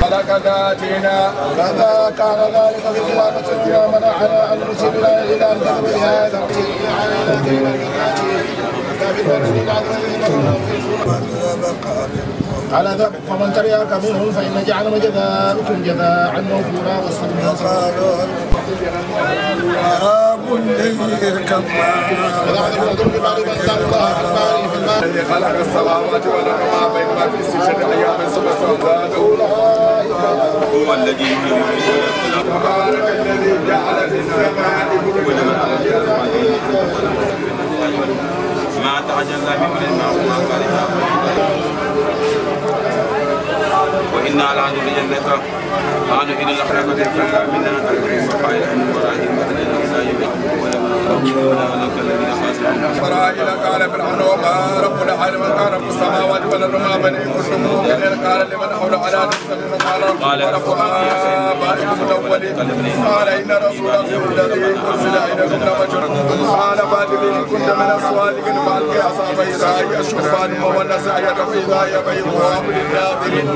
فلقد آتينا ماذا كان ذلك في خلافة وما منعنا أن نرسل إلى أن نذهب بهذا الدين على الدين الكريم على ذا فمن ترياك منهم فإن جعلم جزاؤكم جزاء موفورا والصبر حرام لي كما الذي خلق السماوات والارض وما بينهما في سته ايام ثم زاده هو الذي يحيي ويميت تبارك الذي جعل في السماء ما تعجلنا بكل ما هو وإنا لا نريد النكرة ما نريد الأخلاق فلا منا الكريم وقائل أن إبراهيم أدلنا إلى يوم ولا ولا نكر الذين إسرائيل قال فرعون وما رب العالم قال رب السماوات والأرض ما بني كل مؤمن قال لمن حول على نفسه قال رب آبائكم الأولين قال إن رسولكم الذي أرسل إليكم لمجنون قال فأتني إن كنت من الصادقين فألقي أصابع إذا أشوف فأنما والناس أيده إذا يبيض وأمر الناظرين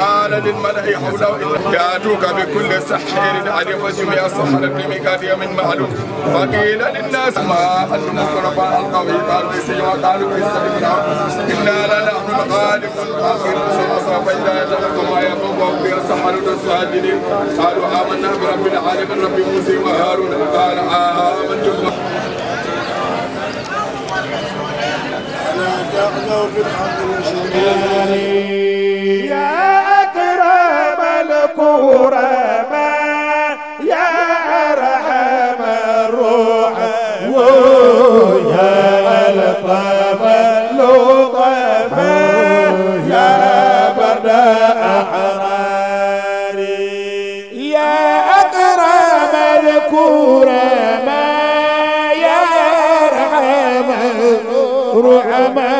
قال للملأ حوله يأتوك بكل سحير عليم وجميع السحرة بميقات يوم معلوم وقيل للناس ما أنتم الخلفاء القوي قالوا ليسي وقالوا في سبيلنا إنا لنحن الغالبون الآخر سوف إذا يدعوكم ما يقوم به السحرة الساجدين قالوا آمنا برب العالمين رب موسى وهارون قال آمنتم لا تعلوا بالحق المسلمين كرما يا أرحم الروح يا ألطف اللطف يا بدأ أحراري يا أكرم الكرما يا أرحم الرحمن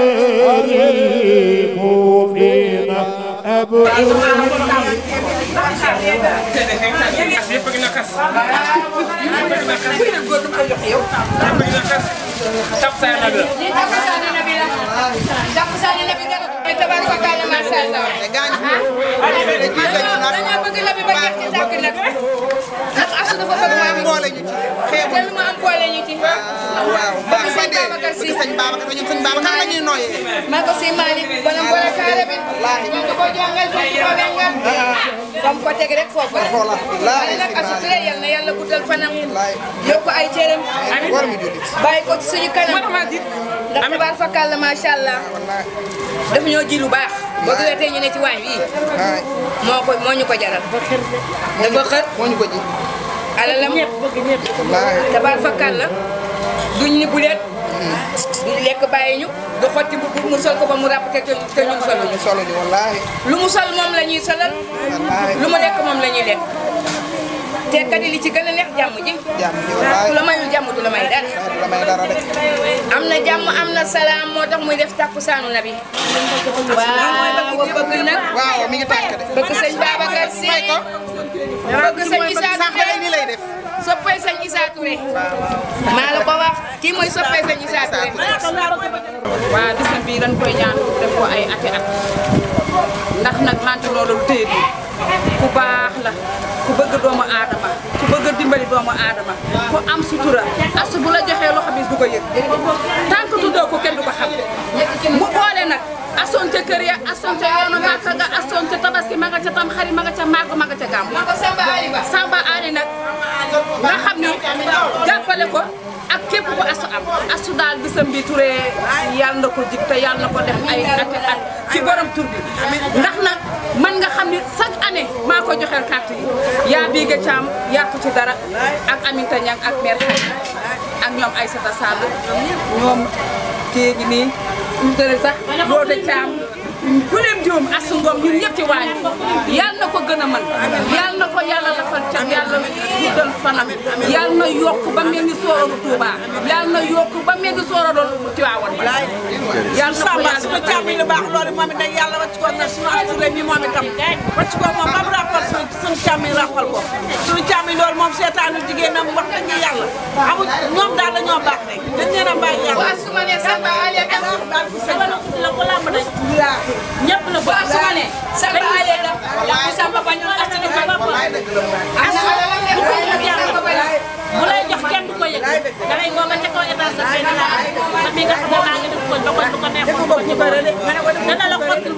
dañoo bëgg la bi ba jeex ci sàkk nag ndax asu dafa bëgg mooy mboole ñu ci xeebul ma am boole ñu ci waaw baax na de bëgg sëñ Babacar ñun sëñ Babacar la ñuy nooyee maa ko si Malick ba nga boole kaare bi ñun da ko jàngal ko ko bengal fam ko teg rek foofu la wala nag asuturé yal na yàlla guddal fanam yokk ay cëram bàyyi ko ci suñu kanam ndax tabaar fakal la macha allah daf ñoo ji lu baax boo duwee tey ñu ne ci waañ wi moo ko moo ñu ko jaral dafa xër moo ñu ko ji alalam ñëpp bëgg ñëpp tabaar fakkan la duñ ni buleet duñ lekk bàyyi ñu du xotti bu mu sol ko ba mu ràpp te te ñun soluñu soluñu wallaahi lu mu sol moom la ñuy solal lu mu lekk moom la ñuy lekk te kat li ci gën a neex jàmm ji. jàmm ji waay ku la mayul jàmm du la may dara. du la may dara am na jàmm am na salaam moo tax muy def takkusaanu nabi. waaw ba bëgg nag. waaw mi ngi tàkk de. bëgg sëñ Babacar Si may ko. bëgg sëñ Issa Touré ni lay maa la ko wax kii mooy soppay sëñ Issa Touré. waaw gis na bii dañ koy ñaan def ko ay ati at ndax nag Mante loolu lu téye ku baax la. ku bëgg doomu aadama ku bëgg dimbali doomu la joxee loxo bis du ko yëg tànk tuddoo ko kenn du ko xam mu nag ya asoon ca yoonu màkk nga asoon ca tabaski ma nga ca tam ma nga ca màgg ma nga ca gàmm samba aali nag nga xam ni jàppale ko ak képp ku asu am asu daal bisam bi turee na ko jig te yàlla na ko def ay at ci borom tur bi ndax nag man nga xam ni ne maa ko joxel carte yi yaa biige Thiam yàqu ci dara ak Aminta Niang ak mère ak ñoom Aïssata Sall ñoom kii gi nii ñu tëdd sax loolu de Gouléb Diome Astou Ngom ñun ñëpp ci waañ yal na ko gën a mën yal na ko yàlla lafal cat yàlla guddal fanam yal na yokk ba mel ni sooroolu Touba yal na yokk ba mel ni sooroolu Tiwaawan ba yal na ko yàlla su ko càmmi lu baax loolu moom itam yàlla wàcc ko na suñu assuré mi moom itam wàcc ko moom ba mu ràppal suñu suñu càmmi ràppal ko suñu càmmi loolu moom seetaanu jigéenam wax dañu a amul ñoom daal dañoo baax rek dañ leen a ñëpp la bëgg su ne Samba la ndax Samba bañu ñu ko baba asu ko ñu la bu lay jox du ko yëg da lay ngoo ba ca kaw la man mi nga xam maa ngi def ko ba ko ko neex ko ci bëre dana ñu bàtt du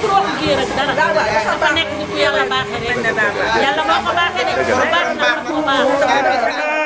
pour wax kii rek dara dafa nekk nit ku yàlla baaxee rek moo ko baaxee rek bu baax na ko baax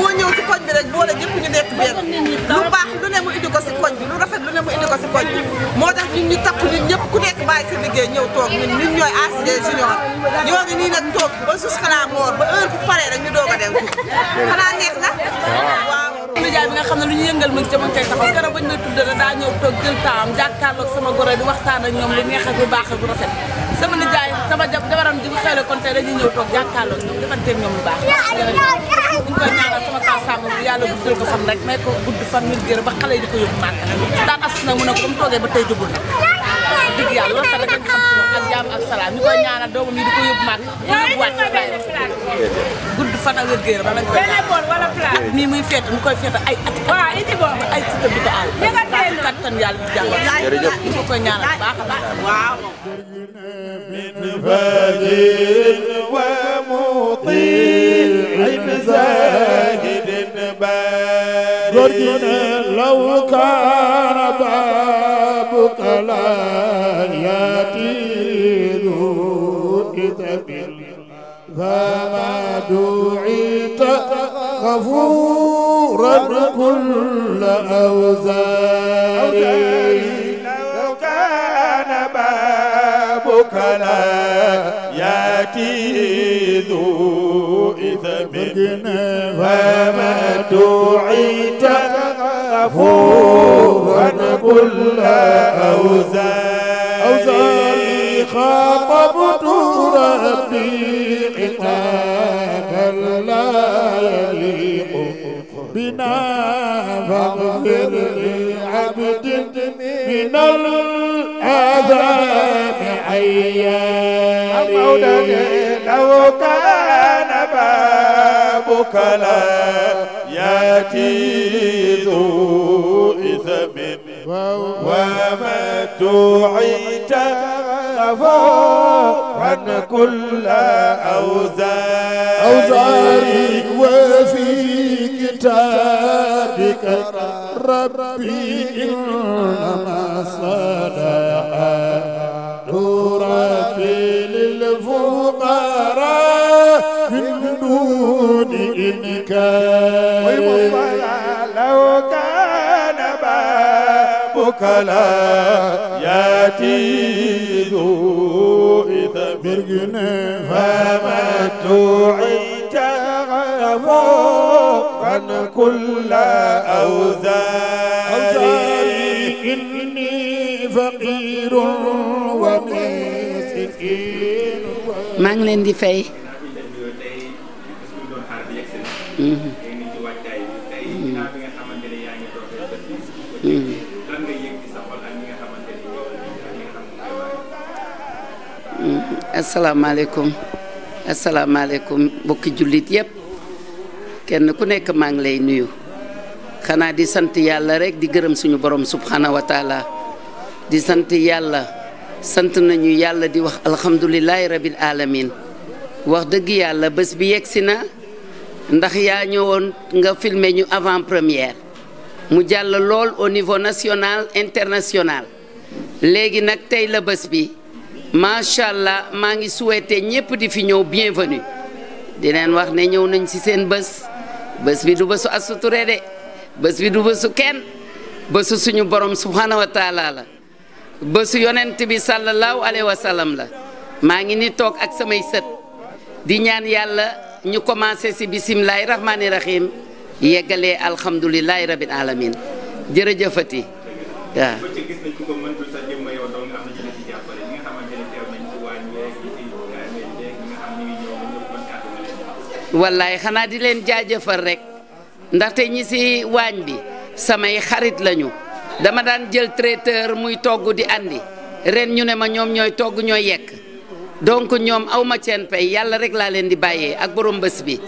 moo ñëw ci koñ bi rek boole ñëpp ñu nekk benn lu baax lu ne mu indi ko si koñ bi lu rafet lu ne mu indi ko si koñ bi moo tax ñun ñu takk ñun ku nekk bàyyi sa liggéey ñëw toog ñun ñun ñooy ASG junior ñoo ngi nii nag toog ba jusqu'à la mort ba heure bu paree rek ñu doog a dem xanaa neex na waaw média bi nga xam ne lu ñu yëngal ma jamono tey taxaw keroog bañ na daa ñëw toog jël taam jàkkaarloog sama goro di waxtaan ñoom lu neex ak sama nijaay sama jabaram di xeele kon tey dañuy ñëw toog jàkkaarloo ñoom defanteeg ñoom lu baax. bu ñu koy ñaanal sama kàllaama bi yàlla guddal ko fan rek may ko gudd fan ngir gërëm ba xale yi di ko yóbbu màkk daan as na mu ne ko ba mu toogee ba tey jubul na. waaw dëgg yàlla loolu sax rek lañ xam ak jaam ak salaam ñu koy ñaanal doomam yi di ko yóbbu màkk di yóbbuwaat ci bàyyi gudd fan ak wér gërëm ba lañ koy ñaanal. nii muy féete mu koy féete ay at. waaw it ci boobu ay cité bi ko aal. kattan yàlla ñu jàngal. jërëjëf ñu ngi koy ñaanal baax a baax. waaw. góor gi ne law kaana baabuka laa yatiidu ita bil fama du'i غفورا كل أوزاري لو كان بابك لا يأتي ذو إثم فما دعيت غفورا كل أوزاري أوزاري خاطبت ربي قطار بل لا يليق بنا فاغفر لعبد من العذاب حيان لو كان بابك لا ياتي ذو إثم وما دعيت عفوا عن كل أوزارك أوزارك وفي كتابك ربي إنما صدق ربي للفقراء من دون إنكار ربك لا ياتي ذو إذن فما تعيت غفو عن كل أوزاري إني فقير ومسكين maa ngi leen di fay. asalaamaaleykum asalaamaaleykum mbokki jullit yépp kenn ku nekk maa ngi lay nuyu xanaa di sant yàlla rek di gërëm suñu borom subhanahu wa di sant yàlla sant nañu yàlla di wax alhamdulilahi rabil alamin wax dëgg yàlla bés bi yegsi na ndax yaa ñëwoon nga filme ñu avant première mu jàll lool au niveau national international léegi nag tey la bés bi macha allah maa ngi souhaité ñëpp di fi ñëw bienvenue di leen wax ne ñëw nañ ci seen bés bés bi du bésu Astou de bés bi du bésu kenn bésu suñu borom subhanahu wa la bésu yonent bi sallallahu alayhi wa la maa ngi ni toog ak samay sët di ñaan yàlla ñu commencé ci bisimilahi rahmaani rahim yeggalee alhamdulilahi rabil alamin jërëjëfati waaw wallaay xanaa di leen jaajëfal rek ndaxte ñi si waañ bi samay xarit lañu dama daan jël traiteur muy togg di àndi ren ñu ne ma ñoom ñooy togg ñooy yekk donc ñoom awma seen yàlla rek laa leen di bàyyee ak borom bés bi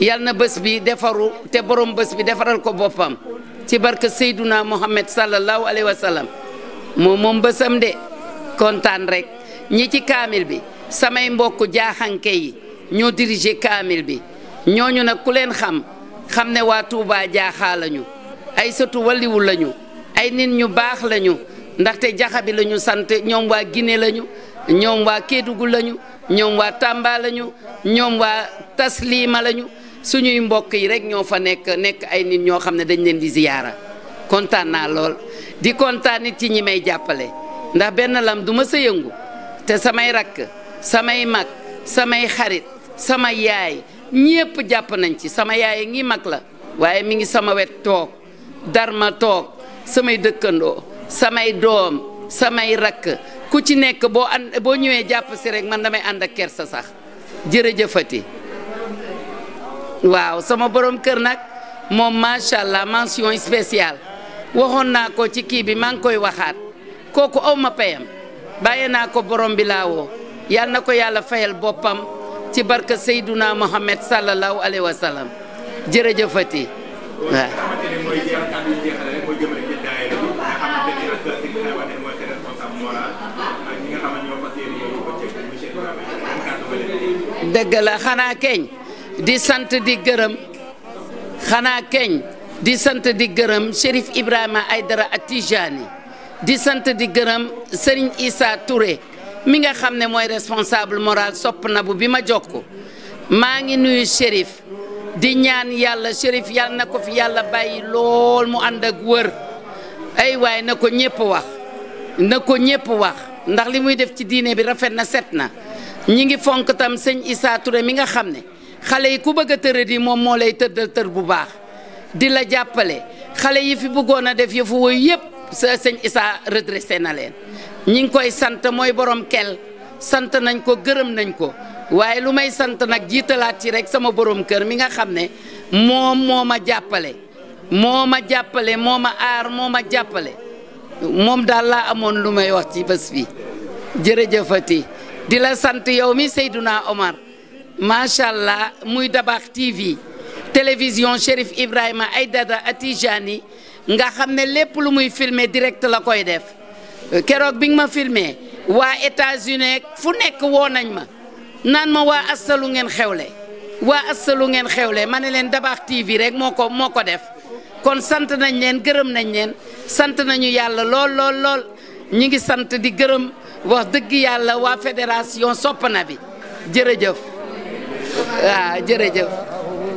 yàlla na bés bi defaru te borom bés bi defaral ko boppam ci barke Seydouna Mohamed sallallahu alayhi wa sallam moom moom bésam de kontaan rek ñi ci kaamil bi samay mbokk jaaxanke yi ñoo dirigé kaamil bi ñooñu nag ku leen xam xam ne waa Touba jaaxaa lañu ay sëtu waliwu lañu ay nit ñu baax lañu ndaxte jaxa bi lañu sant ñoom waa Guinée lañu ñoom waa Kédougou lañu ñoom waa Tamba lañu ñoom waa Taslima lañu suñuy mbokk yi rek ñoo fa nekk nekk ay nit ñoo xam ne dañ leen di siyaara kontaan naa lool di kontaan nit ci ñi may jàppale ndax benn lam du ma sa yëngu te samay rakk samay mag samay xarit sama yaay ñépp jàpp nañ ci sama yaay ngi mag la waaye mi ngi sama wet toog darma toog samay dëkkandoo samay doom samay rakk ku ci nekk boo ànd boo ñëwee jàpp si rek man damay ànd ak kersa sax jërëjëfati waaw sama borom kër nag moom macha allah mention spéciale waxoon naa ko ci kii bi maa ngi koy waxaat kooku aw ma bàyyee naa ko borom bi laawoo na ko yàlla fayal boppam. ci barka Seydouna Mohamed sallallahu alayhi wa jërëjëfati waaw. dëgg xanaa keñ di sant di gërëm xanaa keñ di sant di gërëm Chérif Ibrahima dara Atijani di sant di gërëm sëriñ Issa Touré. mi nga xam ne mooy responsable moral sopp na bu bi ma jokk maa ngi nuyu shérif di ñaan yàlla shérif yàlla na ko fi yàlla bàyyi lool mu ànd ak wër ay waaye na ko ñépp wax na ko ñépp wax ndax li muy def ci diine bi rafet na set na ñi ngi fonk tam sëñ Issa Touré mi nga xam ne xale yi ku bëgg a tëra di moom moo lay tëddal tër bu baax di la jàppale xale yi fi bëggoon a def yëfu woyu yëpp sa sëñ Issa redressé na leen ñi ngi koy sant mooy borom kel sant nañ ko gërëm nañ ko waaye lu may sant nag jiitalaat ci rek sama borom kër mi nga xam ne moom moo ma jàppale moo ma jàppale moo ma aar moo jàppale moom daal laa amoon lu may wax ci bés bi jërëjëfati di la sant yow mi Seydouna Omar macha allah muy Dabakh TV télévision Chérif Ibrahima ay Aïdara Atijani nga xam ne lépp lu muy filmer direct la koy def keroog bi nga ma filmé waa États-Unis fu nekk woo nañ ma naan ma waa asalu ngeen xewle waa asalu ngeen xewle ma ne leen Dabakh TV rek moo ko moo ko def kon sant nañ leen gërëm nañ leen sant nañu yàlla lool lool ñi ngi sant di gërëm wax dëgg yàlla waa fédération soppana bi jërëjëf waaw jërëjëf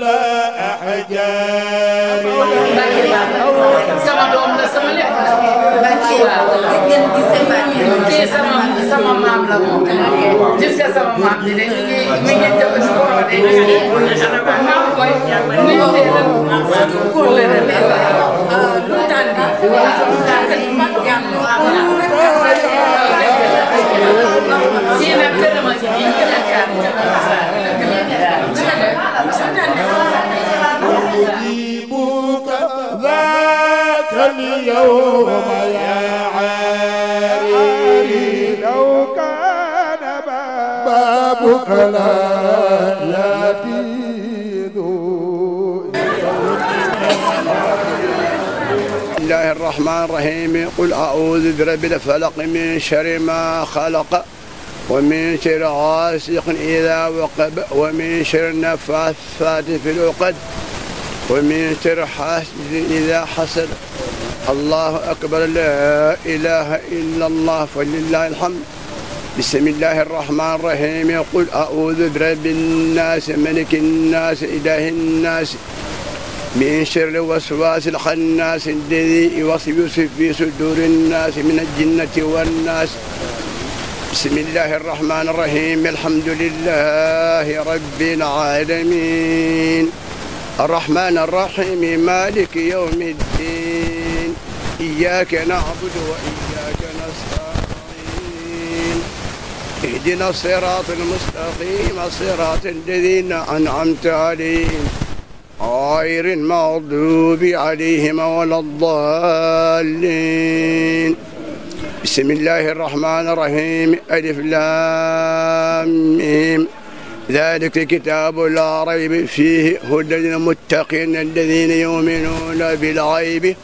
la ahjari sama doom la sama lépp la kii sama sama maam la moom gis nga sama maam bi de mi ngi mi ngi jëm si koro de maa koy nuyutee la sant kóllëre la mais lu tànn lu tànn mag jàmm am na يجيبوك ذاك اليوم يا عاري لو كان بابك لا يفيد بسم الله الرحمن الرحيم قل أعوذ برب الفلق من شر ما خلق ومن شر غاسق إذا وقب ومن شر النفاثات في العقد ومن شر حاسد إذا حسد الله أكبر لا إله إلا الله فلله الحمد بسم الله الرحمن الرحيم يقول أعوذ برب الناس ملك الناس إله الناس من شر الوسواس الخناس الذي يوسوس في صدور الناس من الجنة والناس بسم الله الرحمن الرحيم الحمد لله رب العالمين الرحمن الرحيم مالك يوم الدين إياك نعبد وإياك نستعين اهدنا الصراط المستقيم صراط الذين أنعمت عليهم غير المغضوب عليهم ولا الضالين بسم الله الرحمن الرحيم ألف لام ميم ذلك الكتاب لا ريب فيه هدى للمتقين الذين يؤمنون بالغيب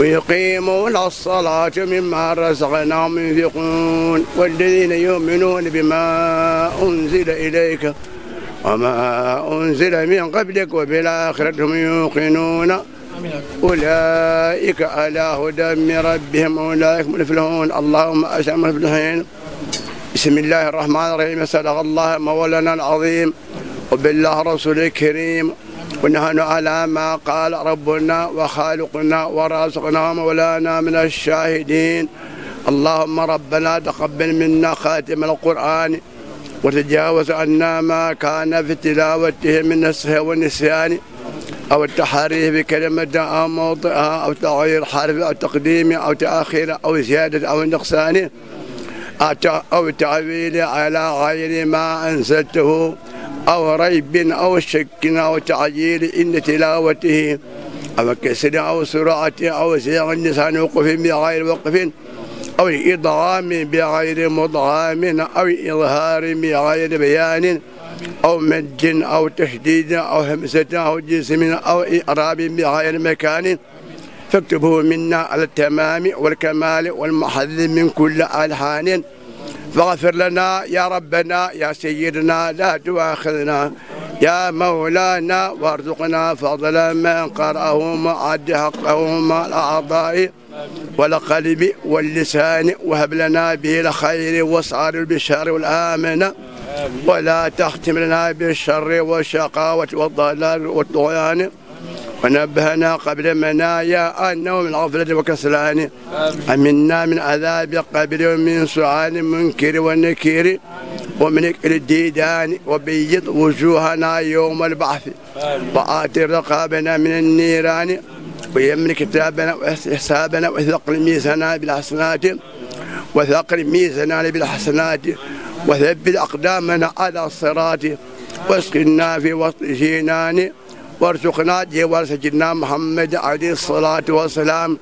ويقيمون الصلاة مما رزقناهم ينفقون والذين يؤمنون بما أنزل إليك وما أنزل من قبلك وبالآخرة هم يوقنون أولئك على هدى من ربهم أولئك مفلحون اللهم أجعل مفلحين بسم الله الرحمن الرحيم صدق الله مولانا العظيم وبالله رسول الكريم ونحن على ما قال ربنا وخالقنا ورازقنا مولانا من الشاهدين اللهم ربنا تقبل منا خاتم القرآن وتجاوز عنا ما كان في تلاوته من نسخ والنسيان أو التحريف بكلمة أو موضعها أو تغيير حرف أو تقديم أو تأخير أو زيادة أو نقصان أو تعويل على غير ما أنزلته أو ريب أو شك أو تعجيل إن تلاوته أو كسر أو سرعة أو زيغ اللسان وقف بغير وقف أو إضغام بغير مضغام أو إظهار بغير بيان أو مد أو تشديد أو همسة أو جسم أو إعراب بغير مكان فاكتبه منا على التمام والكمال والمحذ من كل ألحان فاغفر لنا يا ربنا يا سيدنا لا تؤاخذنا يا مولانا وارزقنا فضل من قرأه وعد حقه مع الأعضاء والقلب واللسان وهب لنا به الخير والسعر بالشر والآمن ولا تختم لنا بالشر والشقاوة والضلال والطغيان ونبهنا قبل منايا أنه من غفلة وكسلان أمنا من عذاب قبل ومن سعال منكر ونكير ومن إكل الديدان وبيض وجوهنا يوم البعث وآتي رقابنا من النيران ويمن كتابنا وحسابنا وثقل ميزاننا بالحسنات وثقل ميزاننا بالحسنات وثبت أقدامنا على الصراط واسقنا في وسط جنان وارزقنا جوار سيدنا محمد عليه الصلاة والسلام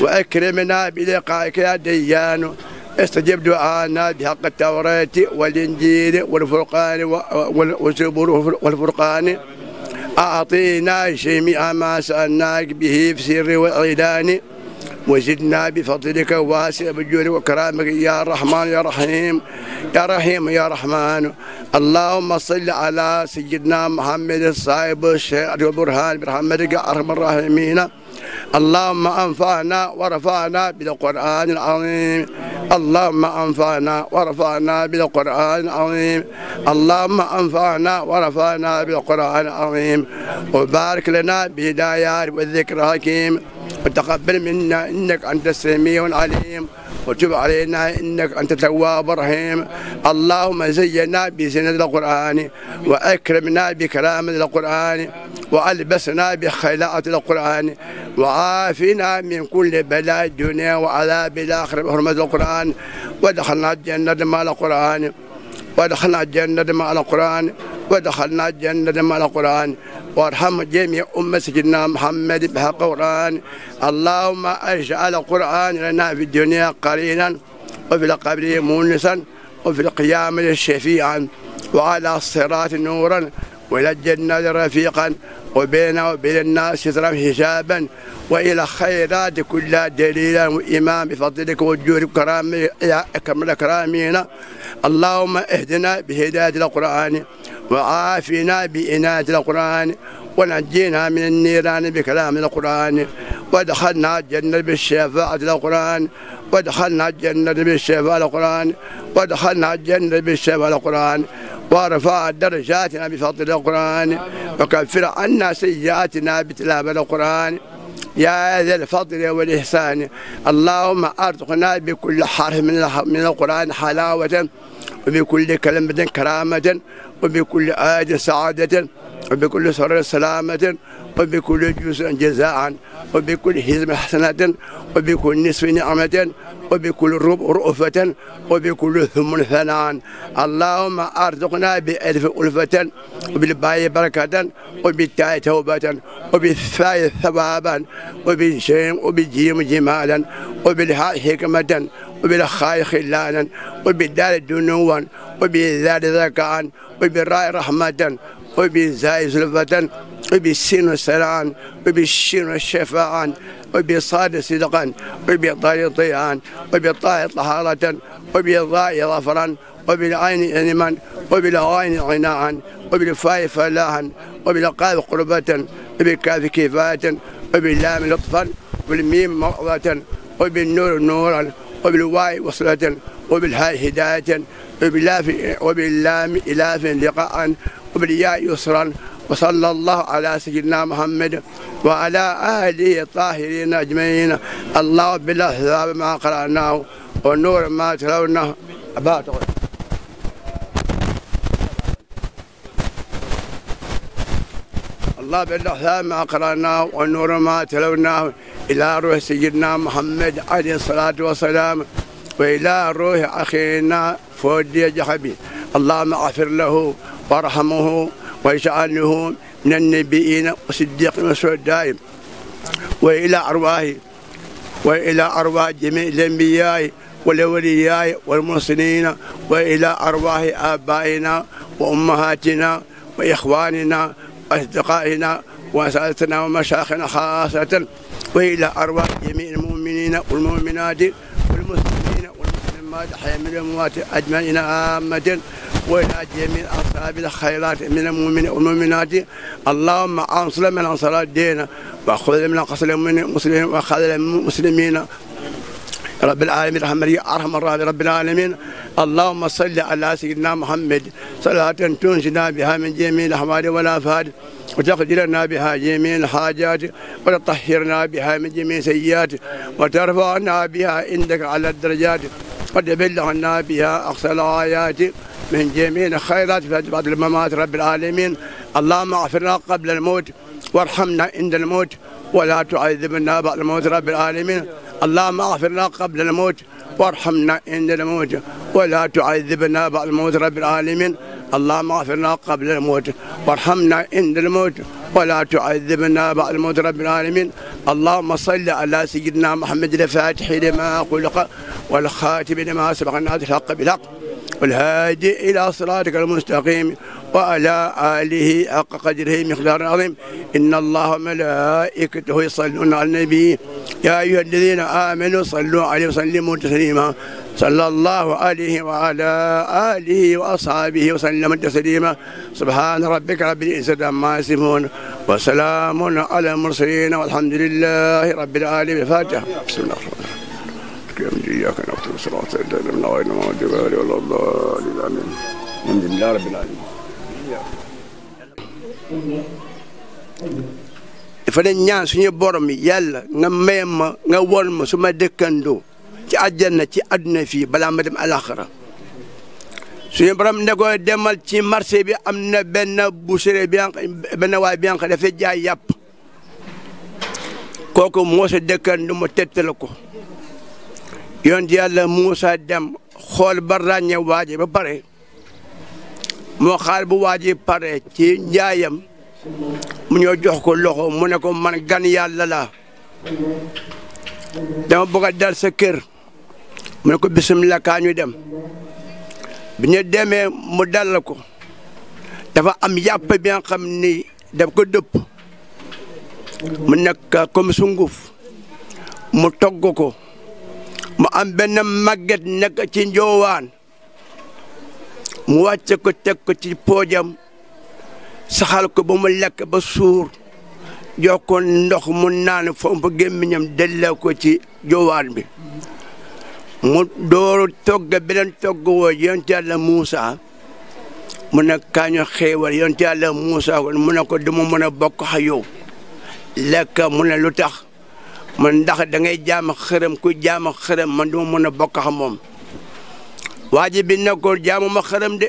وأكرمنا بلقائك يا ديان استجب دعانا بحق التوراة والإنجيل والفرقان والزبور والفرقان أعطينا جميع ما سألناك به في سر وإعلان وزدنا بفضلك واسع بجودك وكرامك يا رحمن يا رحيم يا رحيم يا رحمن اللهم صل على سيدنا محمد صاحب الشهادة والبرهان برحمتك أرحم الراحمين اللهم أنفعنا ورفعنا بالقرآن العظيم اللهم أنفعنا ورفعنا بالقرآن العظيم اللهم أنفعنا ورفعنا بالقرآن العظيم وبارك لنا بهدايات والذكر الحكيم وتقبل منا إنك أنت السميع العليم وتب علينا إنك أنت التواب الرحيم اللهم زينا بزينة القرآن وأكرمنا بكرامة القرآن وألبسنا بخلاءة القرآن وعافنا من كل بلاء الدنيا وعذاب الآخرة بحرمة القرآن ودخلنا الجنة مع القرآن ودخلنا الجنة مع القرآن ودخلنا الجنة مع القرآن وارحم جميع أمة سيدنا محمد بها قرآن اللهم اجعل قرآن لنا في الدنيا قرينا وفي القبر مونسا وفي القيامة شفيعا وعلى الصراط نورا وإلى الجنة رفيقا وبين وبين الناس سترا حسابا وإلى خيرات كلها دليلا وإمام بفضلك وجود كرام يا أكرم الأكرامين اللهم اهدنا بهداية القرآن وعافنا بإناية القرآن ونجينا من النيران بكلام القرآن وادخلنا الجنة بالشفاعة القرآن وادخلنا الجنة بالشفاعة القرآن وادخلنا الجنة بالشفاعة القرآن وارفع درجاتنا بفضل القرآن وكفر عنا سيئاتنا بتلاوة القرآن يا ذا الفضل والإحسان اللهم أرزقنا بكل حرف من القرآن حلاوة وبكل كلمة كرامة وبكل آد سعادة وبكل سر سلامة وبكل جزء جزاء وبكل حزب حسنة وبكل نصف نعمة وبكل رب رؤفة وبكل ثم ثناء اللهم أرزقنا بألف ألفة وبالباء بركة وبالتاء توبة وبالثاء ثوابا وبالشين وبالجيم جمالا وبالهاء حكمة وبالخير خلالا وبالدار دنوا وبالذات ذكاء وبالراء رحمة وبالزاي زلفة وبالسين سرعا وبالشين شفاعا وبالصاد صدقا وبالطاء طيعا وبالطاء طهارة وبالضاء ظفرا وبالعين علما وبالعين عناعا وبالفاء فلاحا وبالقاف قربة وبالكاف كفاية وباللام لطفا وبالميم موعظة وبالنور نورا وبالواي وصلة وبالهاء هداية وباللاف وباللام إلاف لقاء وبالياء يسرا وصلى الله على سيدنا محمد وعلى آله الطاهرين أجمعين الله بالأحزاب ما قرأناه والنور ما ترونه أبا الله بالإحسان ما قرأناه والنور ما تلوناه إلى روح سيدنا محمد عليه الصلاة والسلام وإلى روح أخينا فودي جحبي اللهم اغفر له وارحمه واجعله من النبيين والصديقين والشهداء وإلى أرواح وإلى أرواح جميع الأنبياء والأولياء والمرسلين وإلى أرواح آبائنا وأمهاتنا وإخواننا أصدقائنا وأساتذتنا ومشايخنا خاصة وإلى أرواح جميع المؤمنين والمؤمنات والمسلمين والمسلمات حي من الأموات أجمعين عامة وإلى جميع أصحاب الخيرات من المؤمنين والمؤمنات اللهم أنصر من أنصر الدين وخذل من قصر المسلمين وخذل المسلمين رب العالمين رحمة أرحم الراحمين رب العالمين اللهم صل على سيدنا محمد صلاة تنجنا بها من جميع الأحوال والآفات وتقدرنا بها جميع الحاجات وتطهرنا بها من جميع السيئات وترفعنا بها عندك على الدرجات وتبلغنا بها أقصى الغايات من جميع الخيرات في بعد الممات رب العالمين اللهم اغفرنا قبل الموت وارحمنا عند الموت ولا تعذبنا بعد الموت رب العالمين اللهم اغفر لنا قبل الموت وارحمنا عند الموت ولا تعذبنا بعد الموت رب العالمين اللهم اغفر لنا قبل الموت وارحمنا عند الموت ولا تعذبنا بعد الموت رب العالمين اللهم صل على سيدنا محمد الفاتح لما خلق والخاتم لما سبق الناس الحق بالحق والهادي الى صراطك المستقيم وعلى آله حق قدره مقدار عظيم إن الله وملائكته يصلون على النبي يا أيها الذين آمنوا صلوا عليه وسلموا تسليما صلى الله عليه وعلى آله وأصحابه وسلم تسليما سبحان ربك رب العزة عما يصفون وسلام على المرسلين والحمد لله رب العالمين الفاتحة بسم الله الرحمن الرحيم الحمد لله كان أكتب صلاة الله وإنما وجبها لله العالمين الحمد لله رب العالمين dafa ne ñaan suñu borom yi yàlla nga mayam ma nga won ma su ma dëkkandoo ci àjjana ci àdduna fii balaa ma dem alaxara suñu borom ne ko demal ci marché bi am na benn boucherie bi benn waay bi nga dafay jaay yàpp kooku moo sa dëkkandoo mu tettale ko yoon yàlla Muusa dem xool ba ràññee waaje ba pare moo xaar bu waa ji pare ci njaayam mu ñoo jox ko loxo mu ne ko man gan yàlla la dama bëgg a dal sa kër mu ne ko bisimilah kaa ñu dem bi ñu demee mu dal ko dafa am yàpp bi nga xam ni daf ko dëpp mu nekk comme sunguf mu togg ko mu am benn màgget nekk ci njoowaan mu wàcce ko teg ko ci poojam saxal ko ba mu lekk ba suur jox ko ndox mu naan fomp gémmiñam delloo ko ci jowaan bi mu dooru togg beneen togg woo yonent Yàlla Muusa mu ne kaañu xéewal yonent Yàlla Muusa mën ne ko duma mën a bokka xa yow lekk mu ne lu tax man ndax da ngay jaam xërëm ku jaam xërëm man duma mën a bokka xa moom waajib bi nekkoon jaamu ma xaram de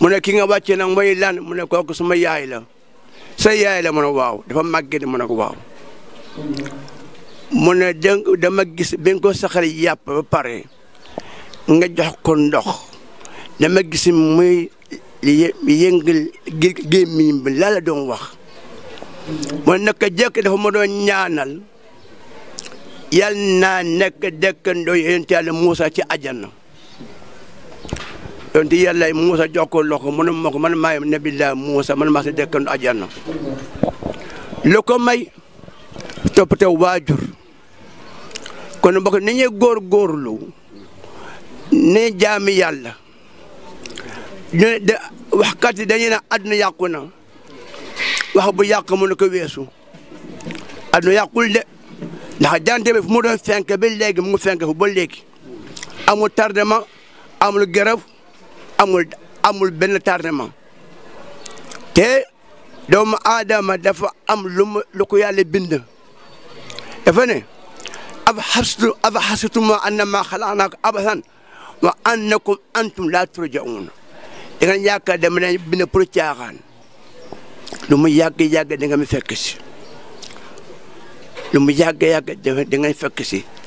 mu ne ki nga wàcce na mooy lan mu ne kooku suma yaay la sa yaay la mu ne waaw dafa màgget mu ne ko waaw mu ne dama gis bi nga ko saxal yàpp ba pare nga jox ko ndox dama gis muy yëngal gémmiñ bi la doo doon wax mu ne naka jëkk dafa ma doon ñaanal yal na nekk dëkkandoo yonent Yàlla Muusa ci àjjana yonent yàlla Muusa jokkoo loxo mu ne ma ko man maay nabillaah Muusa man maa si dëkkandu àjjana lu may toppatoo waajur kon mbokk ni ñuy góorgóorlu ni jaami yàlla ñu ne de waxkat yi dañuy ne na wax bu yàq mu ne ko weesu àdduna yàqul de ndax jante bi fu mu doon fenk ba léegi mu ngi fenk fu ba léegi amul tardement amul gërëf amul amul benn tardement te doomu aadama dafa am lu mu lu ko yàlla bind dafa ne aba xasitu aba xasituma annama xalaanaako abasan wa annakum antum laa turja'uun da nga yaakaar dama ne bind pour caaxaan lu mu yàgg-yàgg da nga mi fekk si lu mu yàgg-yàgg da nga fekk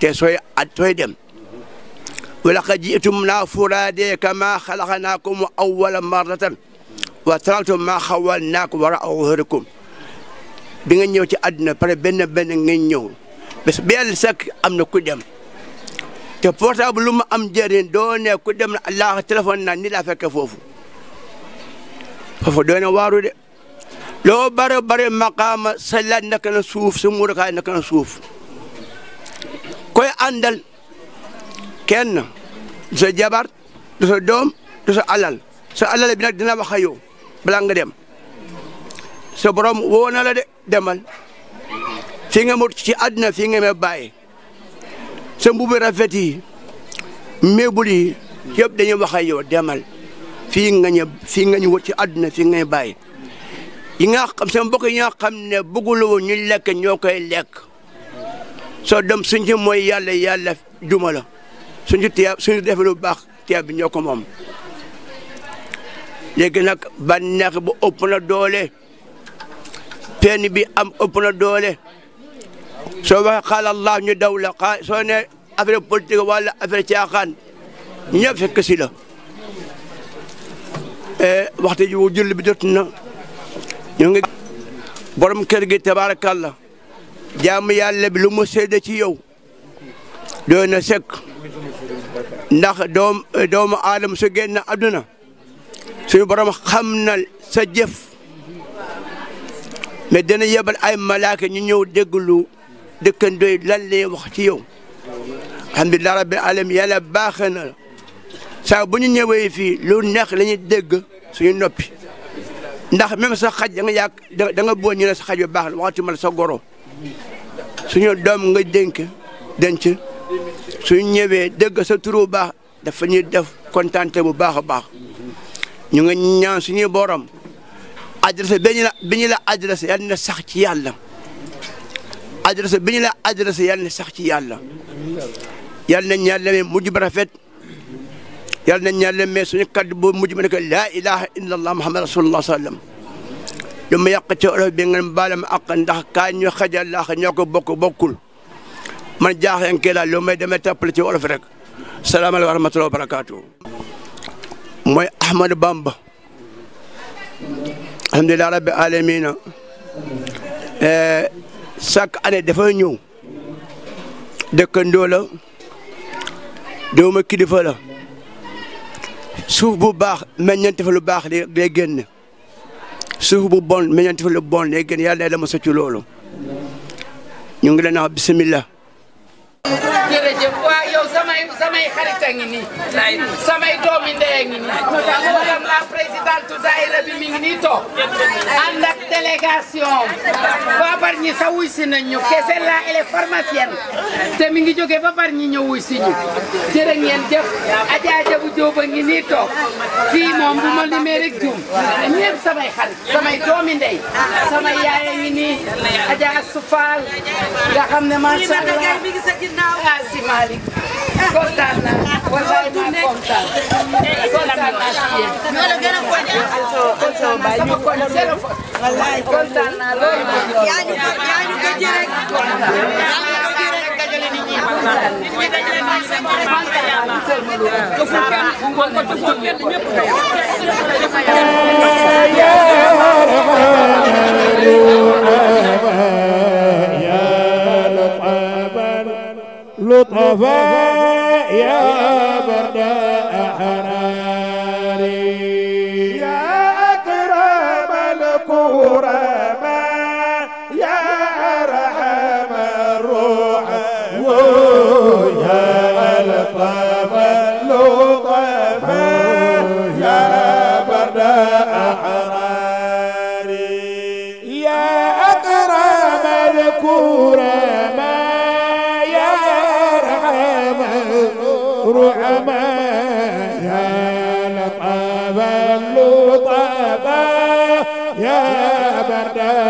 te sooy sooy dem ولقد جئتمونا فرادى كما خلقناكم أول مرة وتركتم ما خولناكم وراء ظهوركم bi nga ñëw ci àdduna pare benn benn ngeen ñëw bés bu yàlla sàkk am na ku dem te portable lu am njëriñ doo ku dem na laa téléphone ni laa fekkee foofu foofu doo ne waaru de loo bare bare maqaama sa laaj naka na suuf sa muurakaay naka na suuf koy àndal kenn du sa jabar du sa doom du sa alal sa alal bi nag dina wax ak yow balaa nga dem sa borom woo de demal fi nga mut ci àdduna fi nga may bàyyi sa mbubu rafet yi mébul yi yëpp dañuy wax ak demal fii nga ñu nga ñu wut ci àdduna fi nga ñu bàyyi yi nga xam sama mbokk yi nga xam ne bëggul woon ñu lekk ñoo koy lekk soo dem suñ ci mooy yàlla yàlla duma suñu tiyaab suñu defee lu baax tiyaab bi ñoo ko moom léegi nag bànneex bu ëpp na doole peine bi am ëpp na doole soo waxee xaal allah ñu daw la xaa soo ne affaire politique wala affaire caaxaan ñëpp fekk si la eh, waxtu ji wu bi jot na ñu ngi borom kër gi tabaarakàlla jaamu yàlla bi lu mu seede ci yow doy na sekk ndax doom eh, doomu aadama su génn àdduna suñu borom xam na sa jëf mais dana yebal ay malaaka ñu ñëw déglu dëkkandooy lan lay wax ci yow alhamdulilah rabbil alamin yàlla baaxee na la saa bu ñu ñëwee fii lu neex la ñuy dégg suñu noppi ndax même sa xaj da nga yàq da nga boo ñu ne sa xaj bu baax la waxtu ma sa goro suñu doom nga dénk denc suñ ñëwee dégg sa turu baax dafa ñuy def kontaante bu baax a baax ñu nga ñaan suñu borom adressé bi ñu la bi ñu la yal na sax ci yàlla adressé bi ñu la adressé yal na sax ci yàlla yal nañ yàlla may mujj ba rafet yal nañ yàlla may suñu kaddu bu mujj ba ne ko laa ilaha illa allah muhammad rasulullah sallam lu ma yàq ci olof bi ngeen baal ma àq ndax kaa xajal laax ñoo ko bokk bokkul man jaaxeen ke la lomay demee tàppale ci wolof rek salaamaaleykum wa rahmatulah wa barakaatu. mooy Ahmadu Bamba alhamdulilah rabbi alamina eh, chaque année dafay ñëw dëkkandoo la doomu kilifa la suuf bu baax meññante fa lu baax day génn suuf bu bon meññante fa lu bon day génn yàlla day la mos a ci loolu ñu ngi leen a bisimilah. jërëjëf waaw yow sax samay samay a ngi nii samay doomi ndey a ngi nii madame la présidente daayira bi mi ngi nii toog ànd ak délégation babar ñi sa wuy si nañ ñu la elle est te mi ngi ba bar ñi ñëw wuy si ñu jërë ngeen jëf ajaaja bu jóob a ngi nii toog fii moom bu ma limee rek juum samay xarit samay doomi samay yaay ngi nii ajaa sufaal nga xam ne macha allah Malick kontaan naa walaay maa kontaan kontaan naa si yéen. walaay kontaan naa loolu mooy loolu. yaa ñu ko yaa ñu ko jëlee. kontaan naa. يا برد أحرار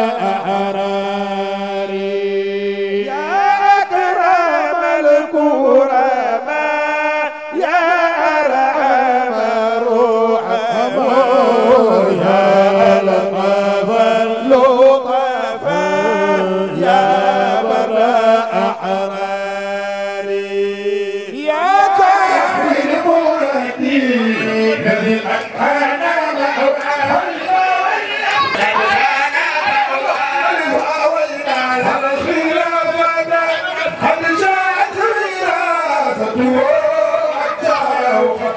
أراد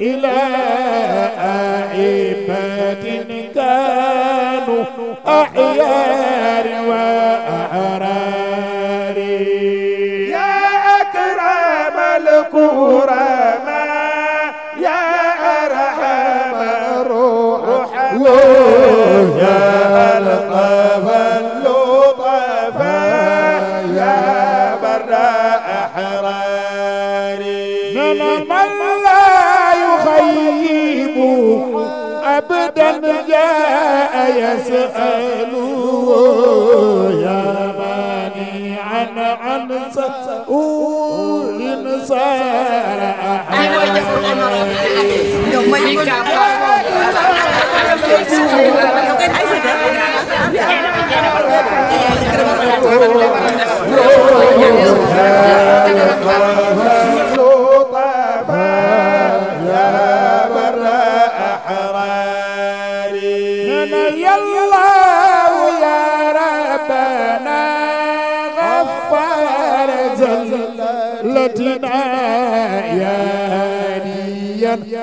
إلى عباد كانوا أحيار وأعرار يا أكرم الكرامات يسألوا يا بني عن عن سؤول صار أحد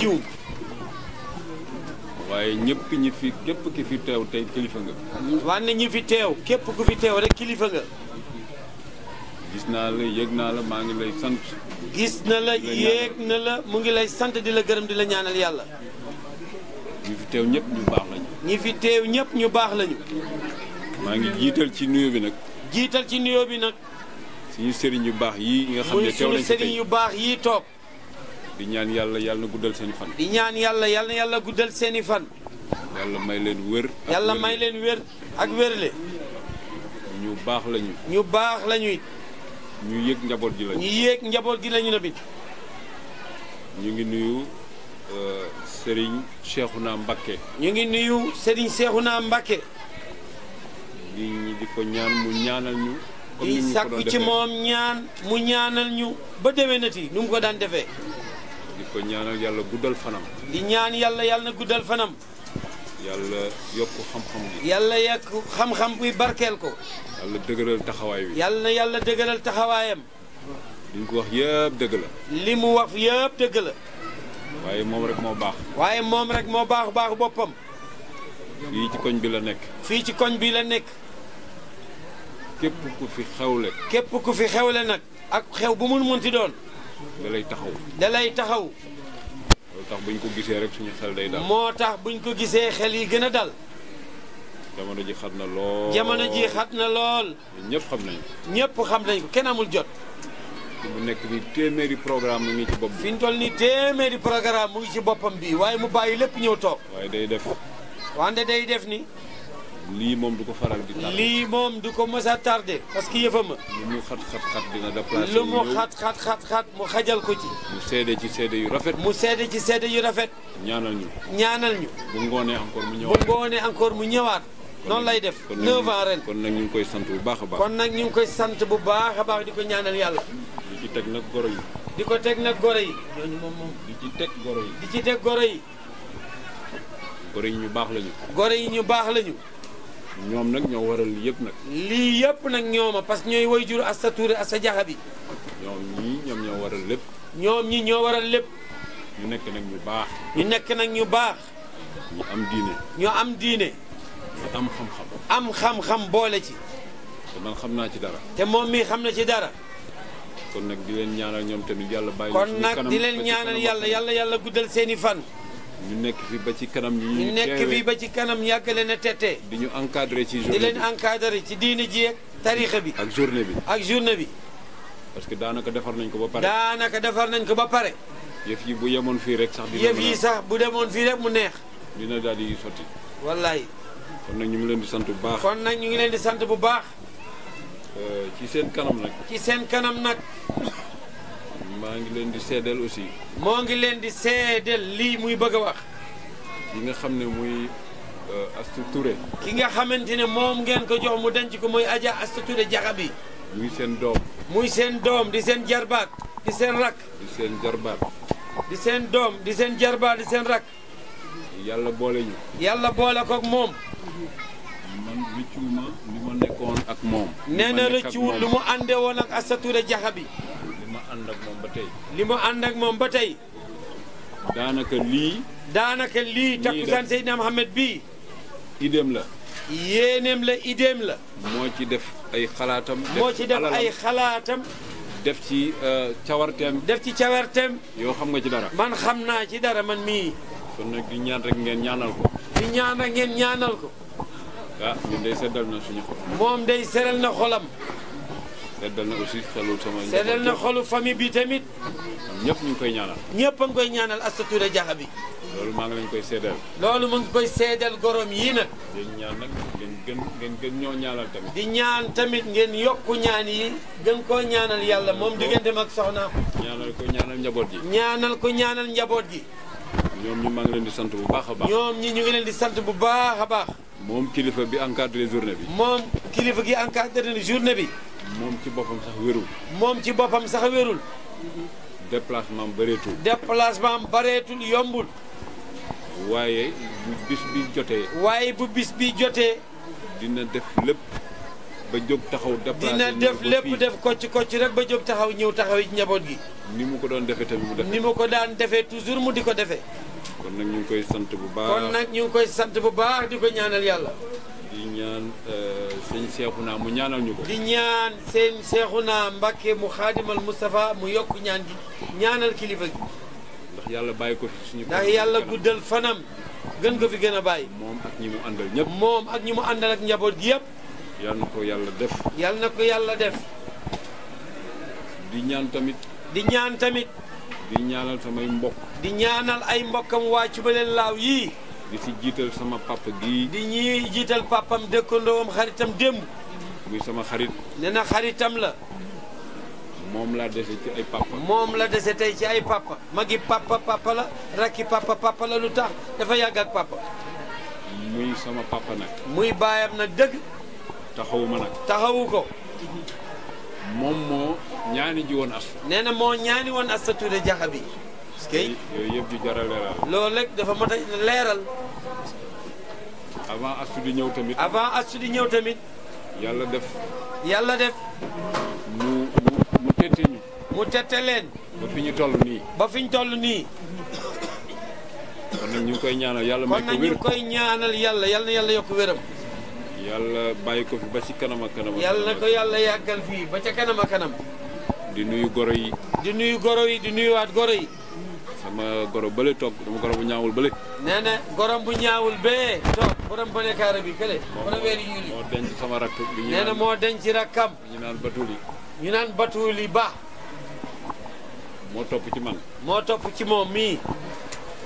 jiw waaye ñëpp ñi fi képp ki fi teew tey kilifa nga. wanne ñi fi teew képp ku fi teew rek kilifa nga. gis naa la yéeg naa la maa ngi lay sant. gis na la yéeg na la mu ngi lay sant di la gërëm di la ñaanal yàlla. ñi fi ñu baax lañu. ñi fi teew ñëpp ñu baax lañu. maa ngi jiital ci nuyo bi nag. jiital ci nuyoo bi nag. suñu sëriñ yu baax yi nga xam ne teew lañ ci yu baax yi toog. di ñaan yàlla yàlla na guddal seen fan. di ñaan yàlla yàlla yàlla guddal seen i fan. yàlla may leen wér. yàlla may leen wér ak wérle. ñu baax lañu ñu. baax lañuy ñu yéeg njaboot gi la ñu. ñu yéeg njaboot gi la ñu ngi nuyu euh, Serigne Cheikhouna Mbacké. ñu ngi nuyu Serigne Cheikhouna Mbacké. di di ko ñaan mu ñaanal ñu. ni ñu ko doon defee di sàkku ci moom ñaan mu ñaanal ñu ba déwénati nu mu ko daan defee. ko ñaanal yàlla guddal fanam. di ñaan yàlla yàlla na guddal fanam. yàlla yokk yàlla yokk xam-xam buy ko. yàlla dëgëral taxawaay bi. yàlla na yàlla dëgëral taxawaayam. li ko wax yëpp dëgg li mu wax yëpp waaye moom rek baax. waaye moom rek moo baax baax boppam. fii ci la nekk. fii ci koñ bi la nekk. képp ku fi xewle. képp ku fi xewle nag. ak xew bu mun munti doon. da lay taxaw da lay taxaw moo tax ñu ko gisee rek suñu xel day dal moo tax buñ ko gisee xel yi gën a dal jamono ji xat na lool jamono ji xat na lool ñëpp xam nañ ñëpp xam nañ ko kenn amul jot fi mu nekk nii téeméeri programme mu ngi ci toll nii téeméeri programme mu ngi boppam bi waaye mu bàyyi lépp ñëw toog waaye day def wande day def ni lii moom du ko faral di tardé lii moom du ko mës a tardé parce que yëfam a lu mu xat xat xat dina déplacé lu mu xat xat xat xat mu xajal ko ci mu seede ci sedd yu rafet mu seede ci sedd yu rafet ñaanal ñu ñaanal ñu bu ngoonee encore mu ñëwaat bu ngoonee encore mu ñëwaat noonu lay def neuf ans ren kon nag ñu ngi koy sant bu baax a baax kon nag ñu ngi koy sant bu baax a baax di ko ñaanal yàlla di ci teg nag goro yi di ko teg nag goro yi ñooñu moom moom di ci teg goro yi di ci teg goro yi goro yi ñu baax lañu goro yi ñu baax lañu ñoom nag ñoo waral lii yëpp nag. lii yëpp nag ñooma parce que ñooy way jur Asta Touré Asta Diakha bi. ñoom ñii ñoom ñoo waral lépp. ñoom ñii ñoo waral lépp. ñu nekk nag ñu baax. ñu nekk nag ñu baax. ñu am diine. ñu am diine. ñu am xam-xam. am xam-xam boole ci. te man xam naa ci dara. te moom mii xam na ci dara. kon nag di leen ñaanal ñoom tamit yàlla bàyyi. kon nag di leen ñaanal yàlla yàlla yàlla guddal seeni fan. ñu nekk fi ba ci kanam ñu ñu nekk fi ba ci kanam yàggale na tete di ñu encadré ci journée di ci diini ji ak tarixa bi ak journée bi ak journée bi parce que daanaka defar nañ ko ba pare daanaka defar nañ ko ba pare yëf yi bu yemoon fii rek sax yëf yi sax bu demoon fii mu neex dina daal di sotti wallaay kon nag ñu ngi leen di sant bu baax nag ñu ngi leen di sant bu baax euh, ci seen kanam nag ci seen kanam nag maa ngi leen di seedeel aussi. moo ngi leen di seedeel lii muy bëgg a wax. ki nga xam ne muy euh, Astou ki nga xamante ne moom ngeen ko jox mu denc ko muy aja Astou jaxa bi. muy seen doom. muy seen doom di seen jarbaat di seen rak. di seen jarbaat. di seen doom di seen jarbaat di seen rak. yàlla boole ñu. yàlla boole koog moom. man rëccuwuma li ak moom. nee na rëccuwul lu mu àndewoon ak Astou Touré jaxa bi. ànd ak moom ba tey. li mu ànd ak moom ba tey. daanaka lii. daanaka lii takkusaan Seydina Mohamed bi idéem la. yéeneem la idéem la. moo ci def ay xalaatam. moo ci def ay xalaatam. def ci euh, cawarteem. def ci cawarteem. yoo xam nga ci dara. man xam naa ci dara man mii. kon nag di ñaan rek ngeen ñaanal ko. di ñaan rek ngeen ñaanal ko. Ah, moom day seral na xolam. seddal na aussi xelul sama. seddal na xolu famille bi tamit. ñëpp ñu ngi koy ñaanal. ñëpp a koy ñaanal Asta Touré Diakha bi. loolu maa ngi leen koy seedal. loolu mu ngi koy seedal goroom yii nag. di ñaan nag ngeen ñoo ñaanal tamit. di ñaan tamit ngeen yokk ñaan yi gën koo ñaanal yàlla moom digganteem ak soxnaam. ñaanal ko ñaanal njaboot yi ñaanal ko ñaanal njaboot gi. ñoom ñi maa ngi leen di sant bu baax a baax. ñoom ñi ñu ngi leen di sant bu baax a baax. moom kilifa bi encadré journée bi. moom kilifa gi encadré journée bi. moom ci boppam sax wérul. moom ci boppam sax wérul. déplacement am bareetul. déplacement am bareetul yombul. waaye bu bis bi jotee. waaye bu bis bi jotee. dina def lépp ba jóg taxaw. déplacé dina def lépp def kocc kocc rek ba jóg taxaw ñëw taxaw yi njaboot gi. ni mu ko doon defee tamit mu defee. ni mu ko daan defee toujours mu di ko defee. kon nag ñu koy sant bu baax kon ñu ngi koy sant bu baax di ko ñaanal yàlla. di ñaan sëñ euh, Seexuna mu ñaanal ñu ko. di ñaan sëñ naa Mbacke mu xaadimal Moustapha mu yokk ñaan gi ñaanal kilifa gi. ndax yàlla bàyyi ko fi suñu. ndax yàlla guddal fanam. gën ko fi gën a bàyyi. moom ak ñi mu àndal ñëpp. moom ak ñi mu àndal ak njaboot gi yëpp. yal na ko yàlla def. yal na ko yàlla def. di ñaan tamit. di ñaan tamit. di ñaanal samay mbokk. di ñaanal ay mbokkam waa Cubalen laaw yii. di si jiital sama papa gi di ñii jiital papam dëkkandoom xaritam démb. muy sama xarit. nee na xaritam la. moom laa dese ci ay papa. moom la dese tey ci ay papa. magi papa papa la rakki papa papa la lu tax dafa yàgg ak papa. muy sama papa nag. muy baayam nag dëgg. taxawu ma nag. taxawu ko. moom moo ñaani ji woon as. nee na moo ñaani woon as sa tuuti jaxa bi. kay yooyu yëpp di jar a leeral. loolu rek dafa mat leeral. avant astu di ñëw tamit. avant astu di ñëw tamit. yàlla def. yàlla def. mu mu mu tette ñu. mu tette leen. ba fi ñu toll nii. ba fi ñu toll nii. kon nag ñu ngi koy ñaanal yàlla. may ñu ngi koy ñaanal yàlla yàlla yàlla yokk wéram. yàlla bàyyi ko fi ba ci kanam ak kanam. yàlla na yàlla yàggal fii ba ca kanam ak kanam. di nuyu goro yi. di nuyu goro yi di nuyuwaat goro yi. dama goro bële toog dama goro bu ñaawul bële. nee na gorom bu ñaawul bee. toog borom bële kaara bi kële. borom moo denc sama rakk bi ñu na moo denc rakkam. ñu naan batuuli. ñu naan batuuli ba. moo topp ci man. moo topp ci moom mii.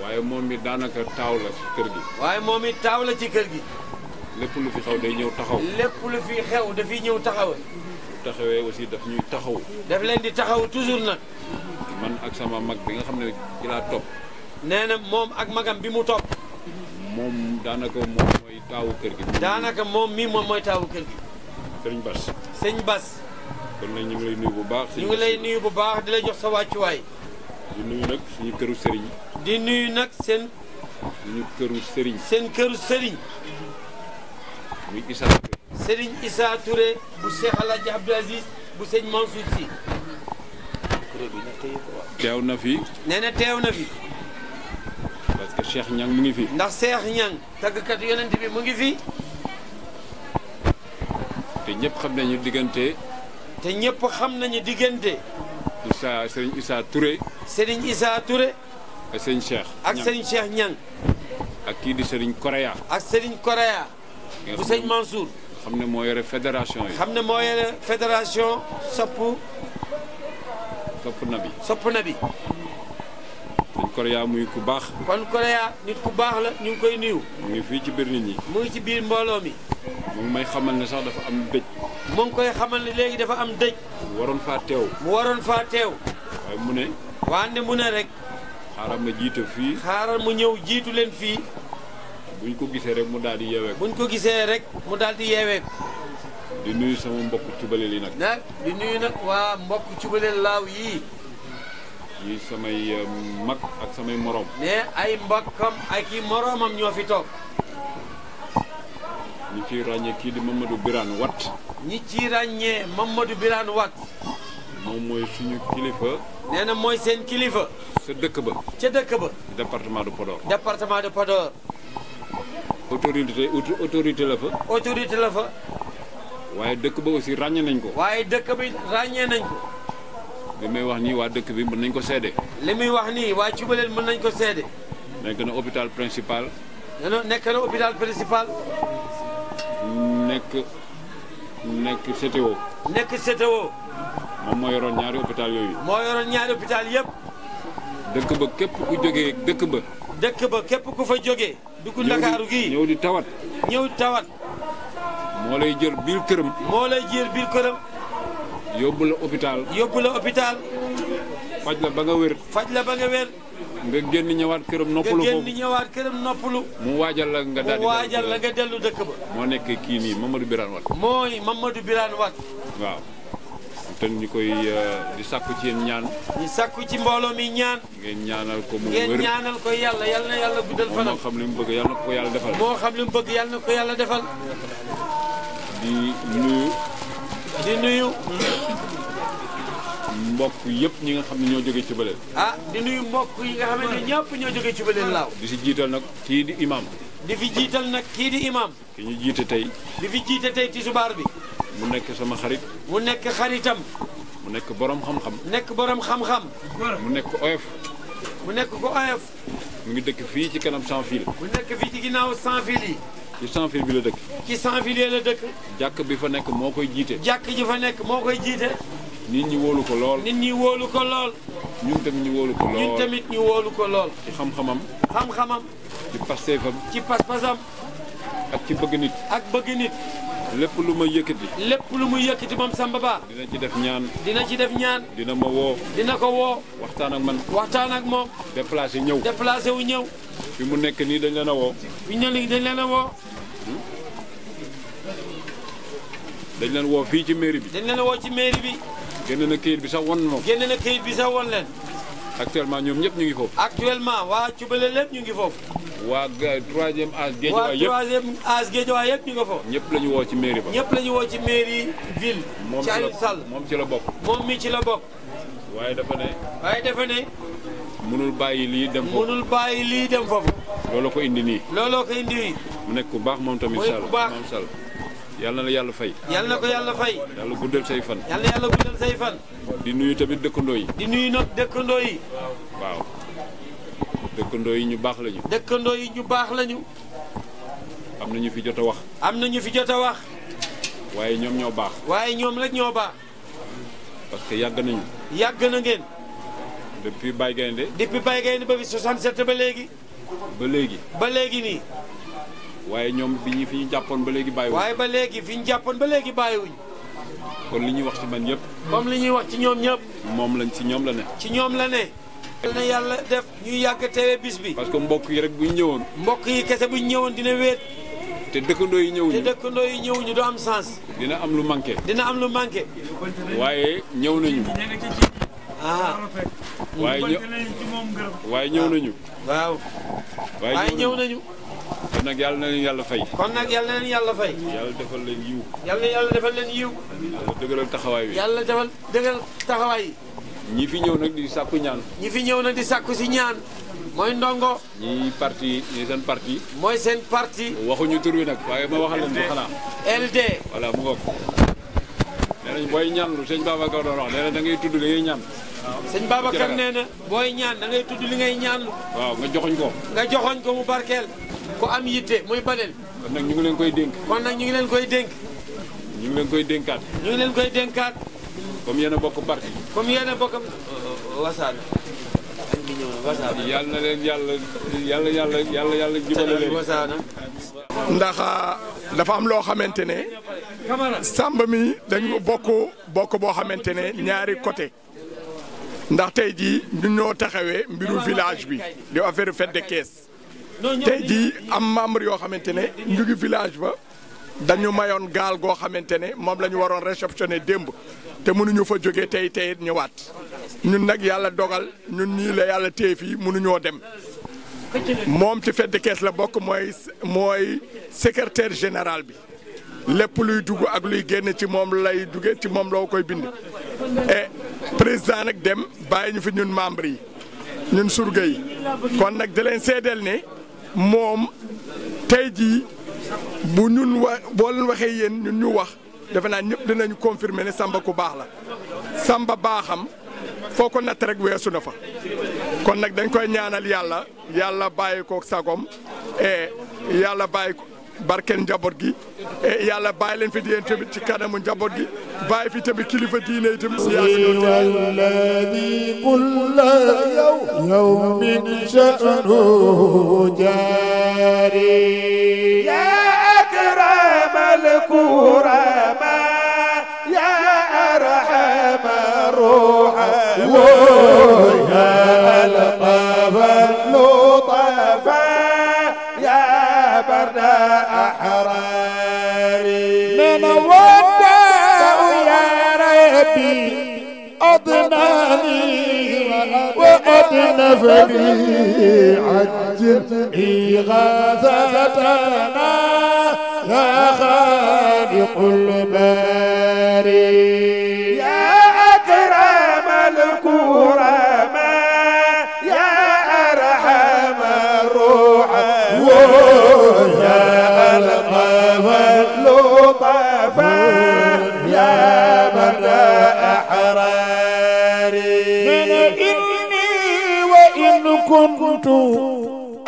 waaye moom mi daanaka taaw la ci kër gi. waaye moom mi taaw la ci kër gi. lépp lu fi xew day ñëw taxaw. lépp lu ñëw taxaw. taxawee aussi daf ñuy taxaw. daf leen di taxaw toujours nag. man ak sama mag bi nga xam ne ci laa topp. nee na moom ak magam bi mu topp. moom daanaka moom mooy taawu kër gi. daanaka moom mii moom mooy taawu kër gi. sëñ Bas. sëñ Bas. kon nag ñu ngi lay nuyu bu baax. ñu ngi lay nuyu bu baax di la jox sa wàccuwaay. di nuyu nag suñu këru sëriñ. di nuyu nag seen. suñu këru sëriñ. seen këru sëriñ. muy Issa Touré. Serigne Issa Touré bu Cheikh El Hadj Abdou Aziz bu sëñ Mansour Sy. teew na fi. nee na teew na fi. parce que Cheikh Niang mu ngi fi. ndax Cheikh Niang tàggkat yonent bi mu ngi fi. te ñëpp xam nañu diggante. te ñëpp xam nañu diggante. Issa Serigne Issa Touré. Serigne Issa Touré. ak sëñ Cheikh. ak sëñ Cheikh Niang. ak kii di Serigne Correa. ak Serigne Correa. bu sëñ Mansour. xam ne moo yore fédération yi. xam ne moo yore fédération sopp sopp nabi sopp nabi. sëñ Korya muy ku baax. kon Korya nit ku baax la ñu ngi koy nuyu. mu ngi fii ci biir nit ñi. mu ngi ci biir mbooloo mi. mu ngi may xamal ne sax dafa am dëj. mu ngi koy xamal ne léegi dafa am dëj. mu waroon faa teew. mu waroon faa teew. waaye mu ne. waande mu ne rek. xaaral ma jiite fii. xaaral mu ñëw jiitu leen fii. buñ ko gisee rek mu daal di bu ñu ko gisee rek mu daal di yeeweeku. di nuyu sama mbokk cubaleel yi nag. nag di nuyu nag waa mbokk cubaleel laaw yii. yi samay eh, mag ak samay moroom. ne ay mbokkam ak i moroomam ñoo fi toog. ñi ciy ràññee kii di Mamadou Birane Watt. ñi ciy ràññee Mamadou Birane wat moom mooy suñu kilifa. nee na mooy seen kilifa. sa dëkk ba. ca dëkk ba. département de Podor. autorité autorité la fa. autorité la fa. waaye dëkk ba aussi ràññee nañ ko. waaye dëkk bi ràññee nañ ko. li may wax nii waa dëkk bi mën nañ ko seede. li muy wax nii waa Cubalel mën nañ ko seede. nekk na hôpital principal. nekk na hôpital principal. nekk nekk CTO. nekk CTO. moom moo yoroon ñaari hôpital yooyu. moo yoroon ñaari hôpital yëpp. dëkk ba képp ku jógee dëkk ba. dëkk ba képp ko fa jógee. dugg ndakaaru gii ñëw di tawat. ñëw tawat. moo lay jël biir këram. moo lay jël biir këram. yóbbu la hôpital. yóbbu la hôpital. faj la ba nga wér. faj la ba nga wér. nga génn ñëwaat këram noppalu ñëwaat këram noppalu. mu waajal la nga daal dëkk ba. moo nekk kii nii Mamadou Birane Wat. mooy Mamadou Birane Wat. waaw. te ñu koy euh, di sàkku ci yéen ñaan di sàkku ci mbooloo mi ñaan ngeen ñaanal ko mu wér yàlla yàlla yàlla guddal fanam moo xam li mu bëgg yàlla na ko yàlla defal xam li bëgg yàlla na yàlla defal di nuyu mbokk yëpp ñi nga xam ne ñoo jógee ci bëleel ah, di nuyu mbokk yi nga xam ne ñëpp ñoo jógee ci bëleel laaw di si jiital nag kii di imam di fi jiital nag kii di imam ki ñu jiite tey di fi jiite tey ci subaar bi mu nekk sama xarit. mu nekk xaritam. mu nekk borom xam-xam. nekk borom xam-xam. mu nekk oyof. mu nekk ko oyof. mu ngi dëkk fii ci kanam sans fil. mu nekk fii ci ginnaaw sans fil yi. ci sans bi la dëkk. ci sans fil dëkk. jàkk bi fa nekk moo koy jiite. jàkk ji fa nekk moo koy jiite. nit ñi wóolu ko lool. nit ñi wóolu ko lool. ñun tamit ñu wóolu ko lool ñun tamit ñu wóolu ko lool. ci xam-xamam. xam-xamam. ci pasteefam. ci pas-pasam. ci bëgg nit. ak bëgg nit. lépp lu ma yëkkati. lépp lu mu yëkkati moom Samba Ba. dina ci def ñaan. dina ci def ñaan. dina ma woo. dina ko woo. waxtaan ak man. waxtaan ak moom. déplacé ñëw. déplacé wu ñëw. fi mu nekk nii dañ leen a woo. fi ñu ne dañ leen a woo. dañ leen woo fii ci mairie bi. dañ leen a woo ci mairie bi. génne na këyit bi sax won moom. génne na këyit bi sax won leen. actuellement ñoom ñëpp ñu ngi foofu. actuellement waa Cubale lépp ñu ngi foofu. waa troisième âge Géejawaay yëpp waa troisième âge Géejawaay yëpp ñu ngi foofu. ñëpp la ñu woo ci mairie ba. ñëpp la ñu woo ci mairie ville. ci Aliou Sall moom ci la bokk. moom mi ci la bokk. waaye dafa ne. waaye bàyyi lii dem foofu bàyyi lii dem foofu. looloo ko indi nii. looloo ko indi nii. mu nekk ku baax moom tamit. mooy ku baax Sall yàlla na yàlla fay. yàlla na ko yàlla fay. yàlla guddal say fan. yàlla yàlla guddal say fan. di nuyu tamit dëkkandoo yi. di nuyu nag dëkkandoo yi. waaw dëkkandoo yi ñu baax lañu. dëkkandoo yi ñu baax lañu. am na ñu fi jot a wax. am na ñu fi jot a wax. waaye ñoom ñoo baax. waaye ñoom rek ñoo baax. parce que yàgg nañu. yàgg na ngeen. depuis Baye Gaynde. depuis Baye Gaynde ba bi 67 ba léegi. ba léegi. ba léegi nii. waaye ñoom bi ñu fi ñu jàppoon ba léegi bàyyiwuñ. waaye ba léegi fi ñu jàppoon ba léegi bàyyiwuñ. kon li ñuy wax ci man yëpp. moom li ñuy wax ci ñoom ñëpp. moom lañ ci ñoom la ne. ci ñoom la ne. na yàlla def ñuy yàgg teewe bis bi. parce que mbokk yi rek bu ñu ñëwoon. mbokk yi kese bu ñu ñëwoon dina wéet. te dëkkandoo yi ñëwuñu te dëkkandoo yi ñëwuñu du am sens. dina am lu manqué. dina am lu manqué. waaye ñëw nañu. ah. waaye ñëw waaye ñëw nañu. waaw. waaye ñëw nañu. nag yàlla na leen yàlla fay. kon nag yàlla na leen yàlla fay. yàlla defal leen yiw. yàlla na yàlla defal leen yiw. yàlla dëgëral taxawaay bi. yàlla defal dëgëral taxawaay yi. ñi fi ñëw nag di sàkku ñaan. ñi fi ñëw nag di sàkku si ñaan. mooy ndongo. ñii parti ñii seen parti. mooy seen parti. waxuñu tur wi nag waaye ma waxal leen ko xanaa. LD. voilà mu ngoog. nee nañ booy ñaan lu sëñ Babacar doon wax nee na da ngay tudd li ngay ñaan. sëñ Babacar nee na booy ñaan da ngay tudd li ngay ñaan. waaw nga joxoñ ko. nga joxoñ ko mu barkeel. ko am yitte muy baneen kon nag ñu ngi leen koy dénk kon nag ñu ngi leen koy dénk ñu ngi leen koy dénkaat ñu koy dénkaat comme yéen bokk parti comme yéen a na leen yàlla yàlla yàlla yàlla yàlla jubale leen ndax ah, dafa am loo xamante ne sàmb mi dañ bokk bokk boo xamante ne ñaari côté ndax tey jii ñu ñoo taxawee mbiru village bi di affaire fête de tey jii am membre yoo xamante ne ñu ngi village ba dañu mayoon gaal goo xamante ne moom la ñu waroon réceptionné démb te mënuñu fa jóge tey tey ñëwaat ñun nag yàlla dogal ñun ñii yàlla téye fii mënuñoo dem. moom ci fedd kees la bokk mooy mooy secrétaire général bi lépp luy dugg ak luy génn ci moom lay duggee ci moom loo koy bind. et président nag dem bàyyi ñu fi ñun membre yi ñun surga yi kon nag di leen seedeel ne. moom tey jii bu ñun wa boo leen waxee yéen ñun ñu wax defe naa ñëpp dinañu confirmer ne Samba ku baax la Samba baaxam foo ko natt weesu na kon nag dañ koy ñaanal yàlla yàlla bàyyi ko sagoom e eh, yàlla bàyyi ko barkeel njaboot gi e yàlla bàyyi fi di yéen ci kanamu njaboot gi bàyyi fi tamit kilifa diine yi tamit. walladi kulla yawmin sha'nu jaari ya akramal kurama ya arhamar ruhama أدناني وأدنى فلي عجل إغاثتنا يا خالق الباب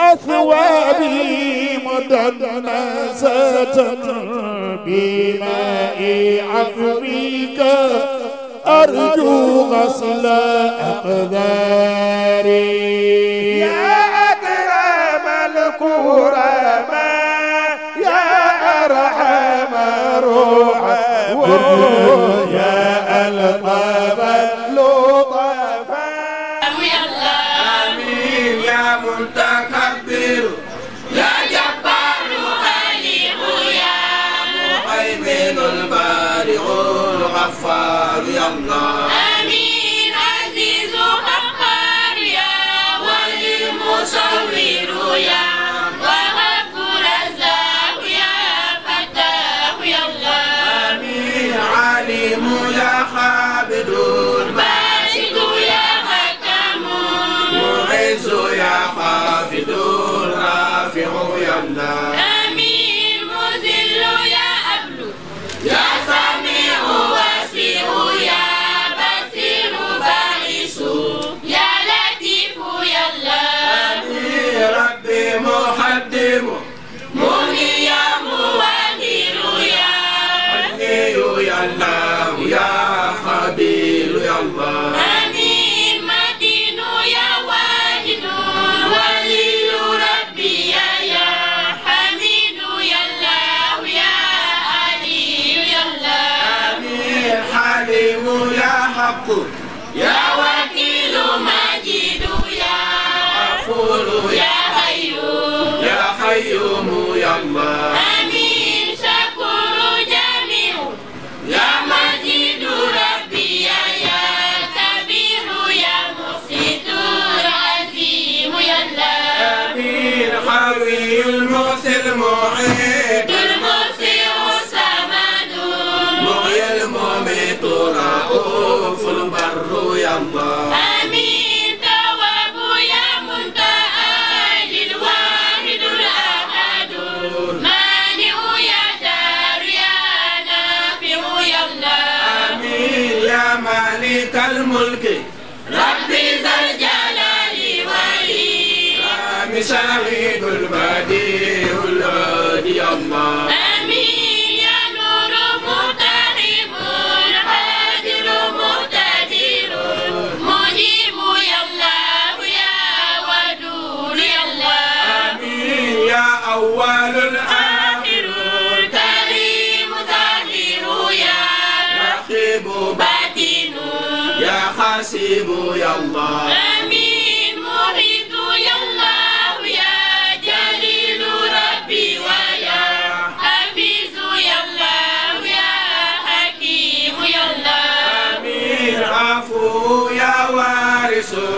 أثوابي مدنسة بماء عفريك أرجو غسل أقداري يا أكرم الكرماء يا أرحم الرحمن Cool. Yesu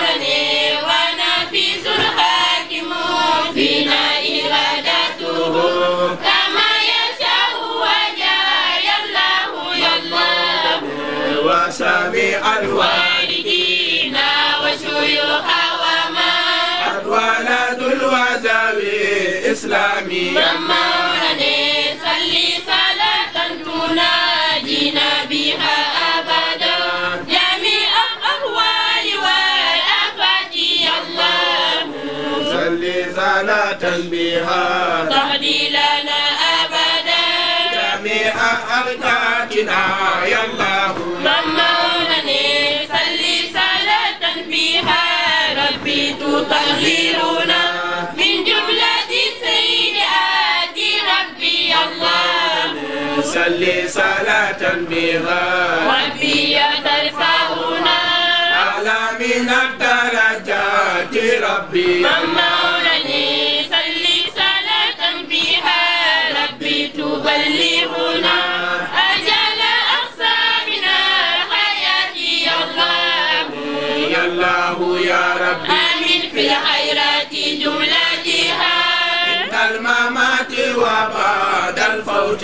الإسلام ممونني صلي صلاة تناجينا بها أبدا جميع الأهوال والآفات الله صلي صلاة بها تهدي لنا أبدا جميع أركاتنا يا الله ممونني صلي صلاة بها ربي تطهرنا صلي صلاة بها ربي ترفعنا أعلى من الدرجات ربي مولاي صلي صلاة بها ربي تبلغنا أجل أقصى من الحياة يا الله يا الله يا ربي آمين في الخيرات جملتها عند الممات وبعد الفوت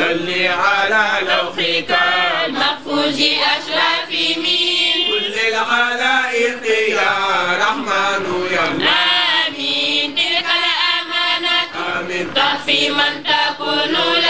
صلي على لوحك المحفوظ أشرف من كل الخلائق يا رحمن يا آمين تلك الأمانة آمين تخفي من تكون لك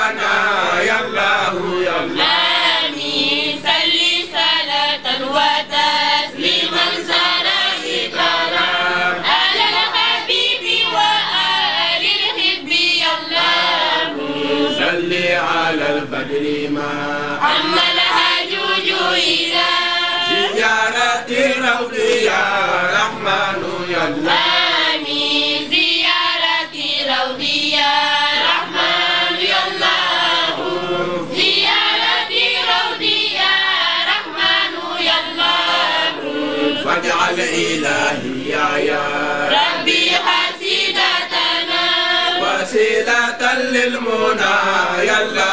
إلهي يا ربي حسيدتنا وسيلة للمنى يا الله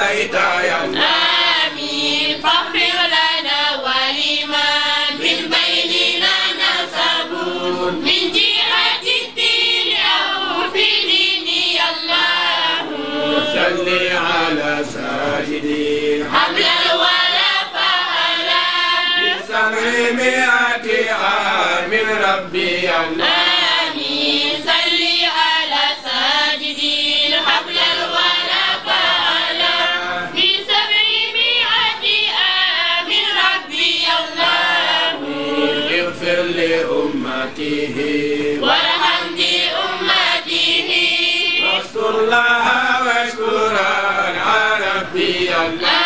أفنيت يا الله آمين فاغفر لنا ولمن من بيننا نسب من جهة الدين أو في ديني الله صل على ساجدي قبل الولا فألا بسمع مئة عام ربي الله الله واشكرا على ربي الله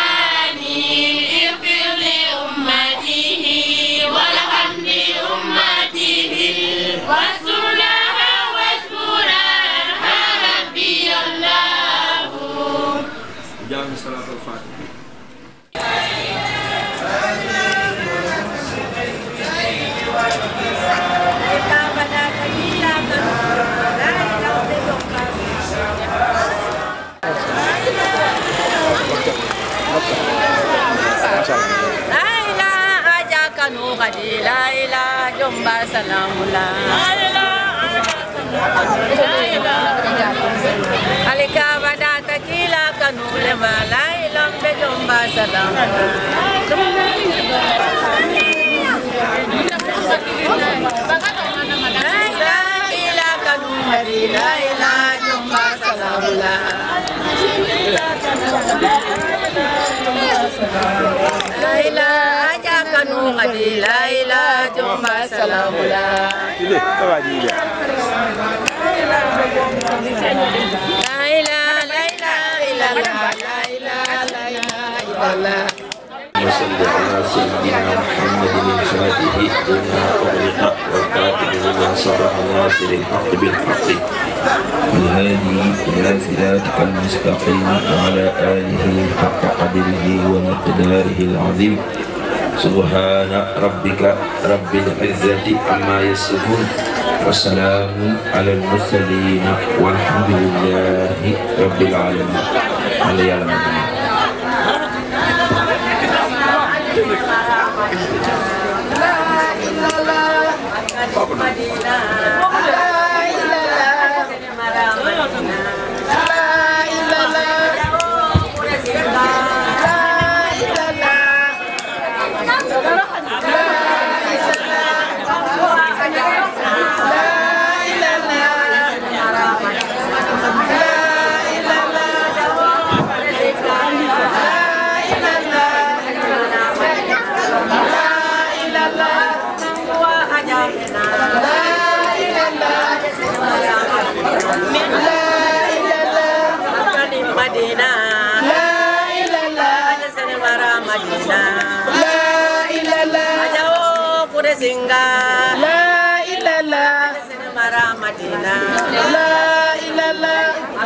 Domba salamu la alikaba data kila kanule mala ilombe Domba salamu la ila kanumari la ila Domba salamu la la ila كانوا غدي لا إله جمع سلام لا لا إله لا إله إلا الله لا إله لا إله إلا الله وصل على سيدنا محمد الفاتح لما أغلق والقاتل لما صرح ناصر الحق بالحق والهادي إلى صراطك المستقيم وعلى آله حق قدره ومقداره العظيم subhana rabbika rabbil izzati amma yasifun wa salaamun ala al mursalin walhamdulillahi rabbil alamin ala yàlla ma Madina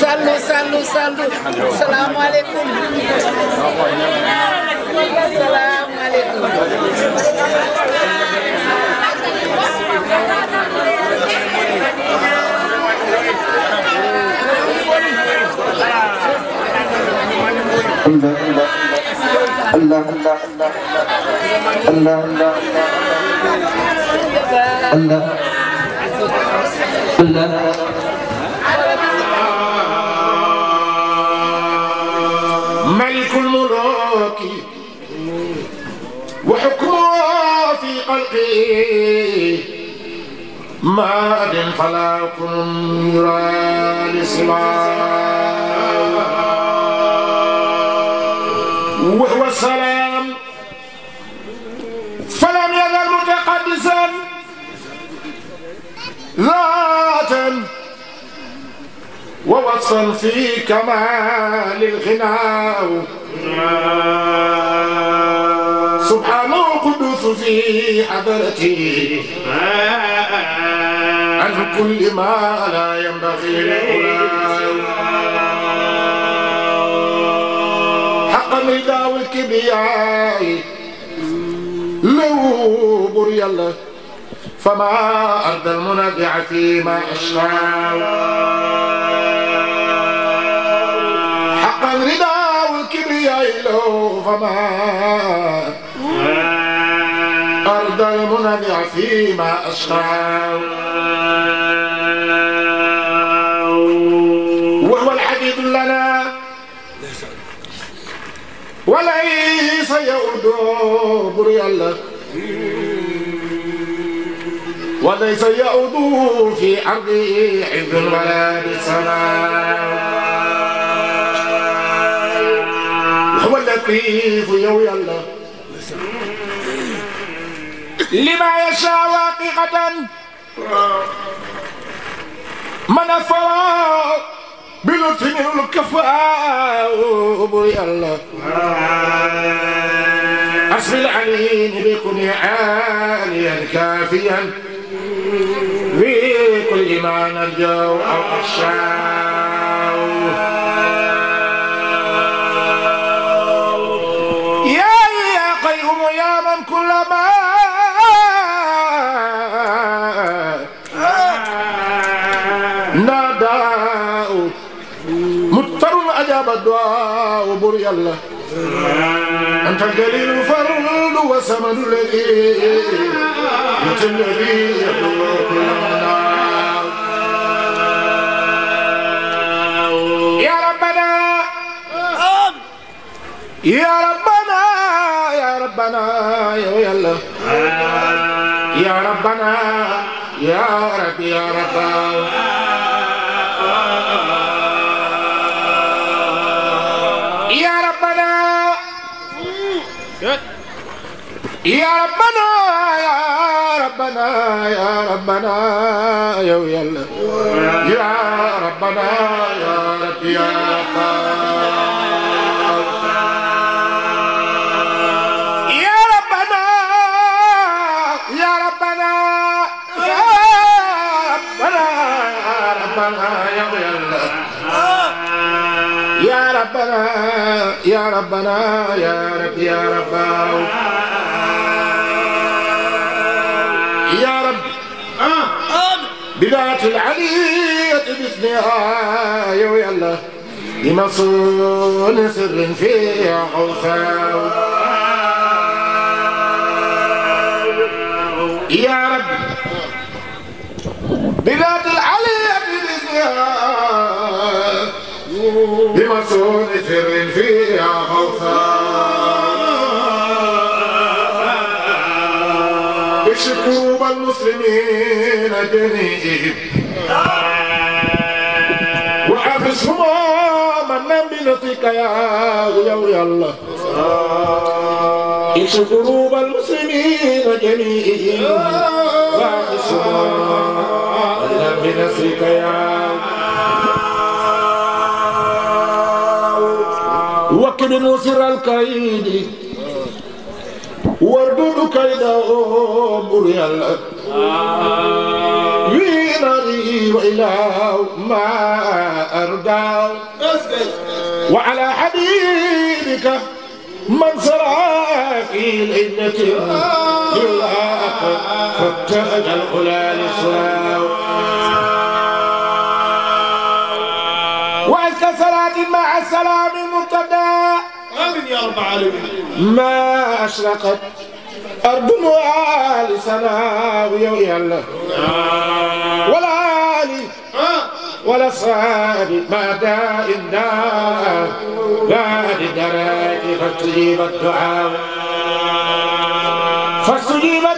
sallu sallu sallu salaamaaleykum salaamaaleykum Allah Allah Allah Allah Allah Allah Allah ماد فلا كن يرى لسواه وهو السلام فلم يزل متقدسا ذاتا ووصفا في كمال الغناء سبحانه الوصف في حضرتي عن كل ما لا ينبغي للغلام حقا نداء الكبرياء لو بري الله فما أرضى المنازع فيما أشرع حقا رداء الكبرياء له فما عبد المنبع فيما أشرع وهو الحبيب لنا وليس يؤد بري الله وليس يؤد في أرضه حفظ ولا بسماء هو اللطيف يوي الله لما يشاء واقعة من فوا بلطف من الكفاء بري الله أصل العليم بكن عاليا كافيا في كل ما نرجو أو أخشى الله بر يلا أنت الدليل الفرد والسمد الذي أنت الذي يدور كل يا ربنا يا ربنا يا ربنا يا الله يا ربنا يا رب يا رب يا ربنا يا ربنا يا ربنا يا ويلا يا ربنا يا رب يا يا ربنا يا ربنا يا ربنا يا ربنا يا ويلا يا ربنا يا ربنا يا رب يا رب بذات العلية باسمها يا يلا بمصون سر فيها حساو يا رب بذات العلية باسمها بمصون سر فيها حساو شكوب المسلمين جنيب وحبسهم من بلطيك يا يا الله إيش قلوب المسلمين جميعهم وحبسهم من بنصرك يا وكل مصر الكيد koy dawoo bur yàlla ah. wiirari wa ilaaw ma ardaaw wa ala habibika man saraa fi laylati lilaq fattaja al ula lisraaw ah. wa aska salaatin ma salaami mubtada amin ya rabbal alamin ma ashraqat ardun waali sanaaw yow yàlla walaali wala saani maada inna gaadi daraati fastujiba duaa fastujiba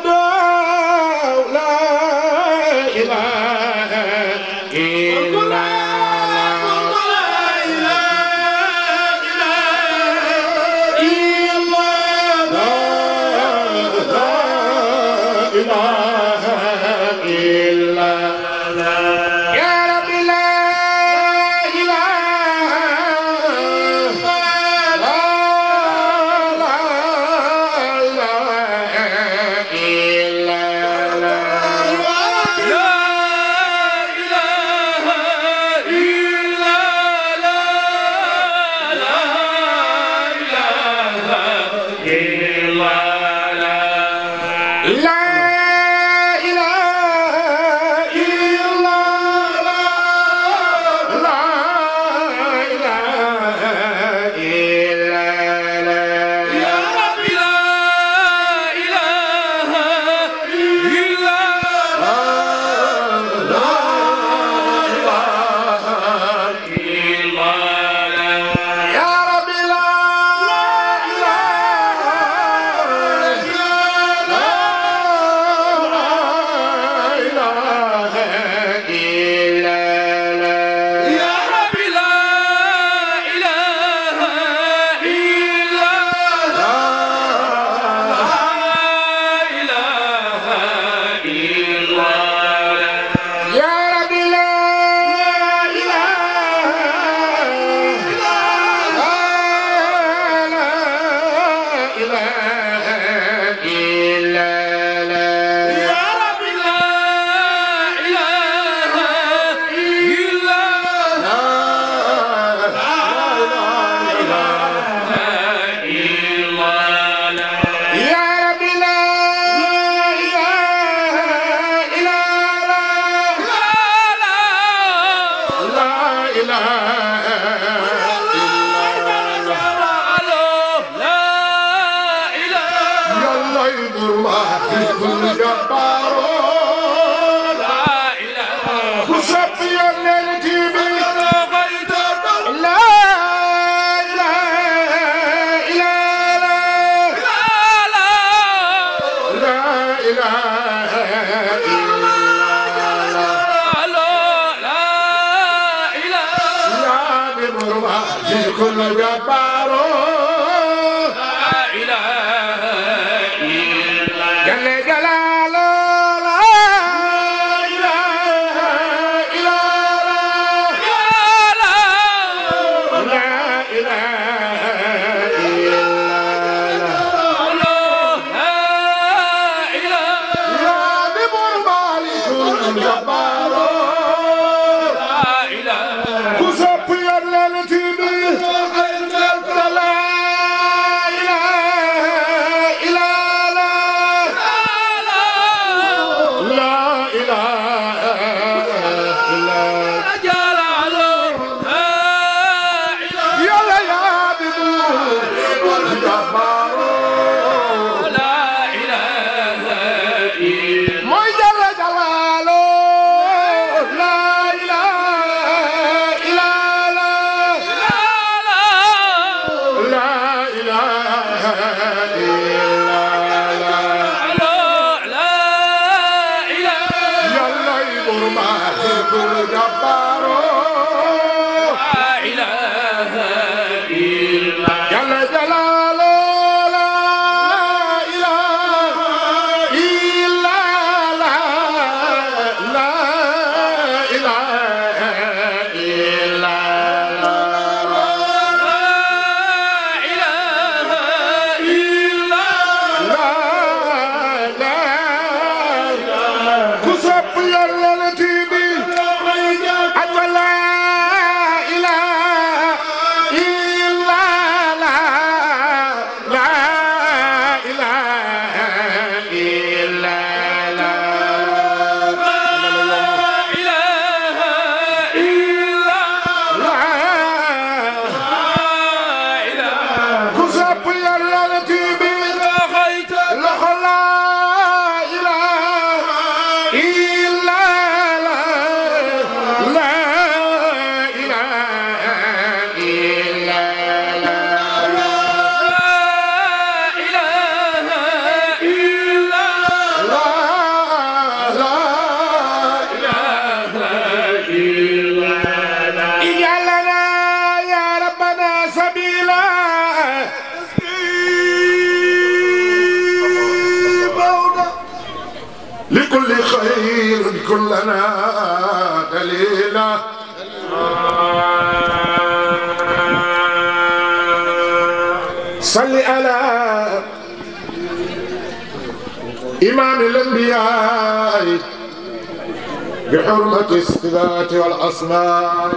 بحرمة الصفات والأسماء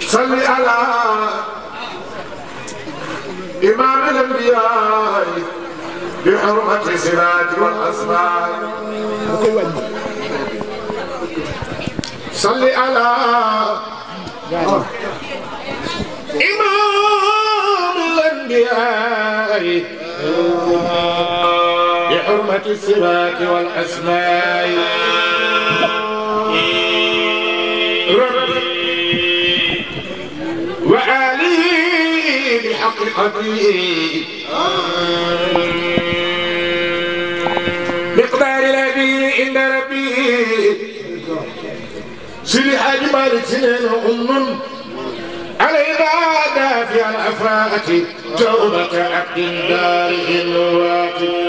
صل على إمام الأنبياء بحرمة الصفات والأسماء صل على وصفة الصفات والأسماء ربي وآله بحقيقته مقدار الذي عند ربي سيدي حاج مالك سنين أم العبادة في الأفاة توبة عبد داره الواتي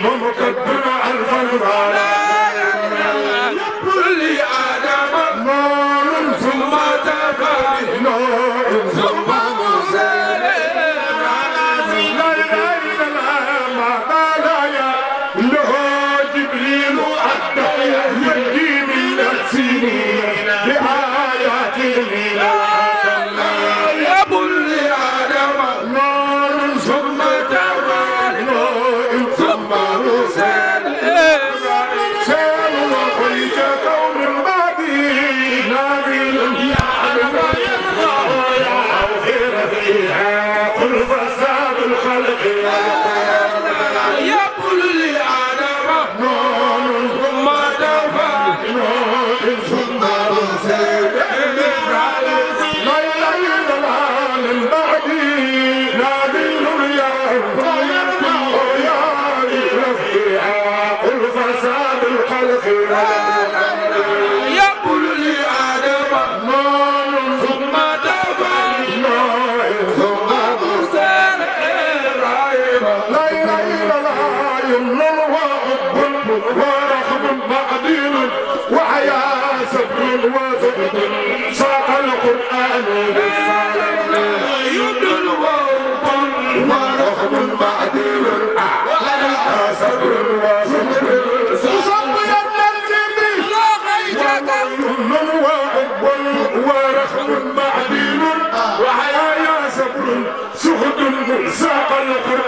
المكبر الفنبالا ورحم بعدين وحيا سبر وزهد ساق القرآن يد الورد ورحم بعدين وحيا سبر وزهد من واحد ورحم معدين وحيا يا سبر سخد ساق القرآن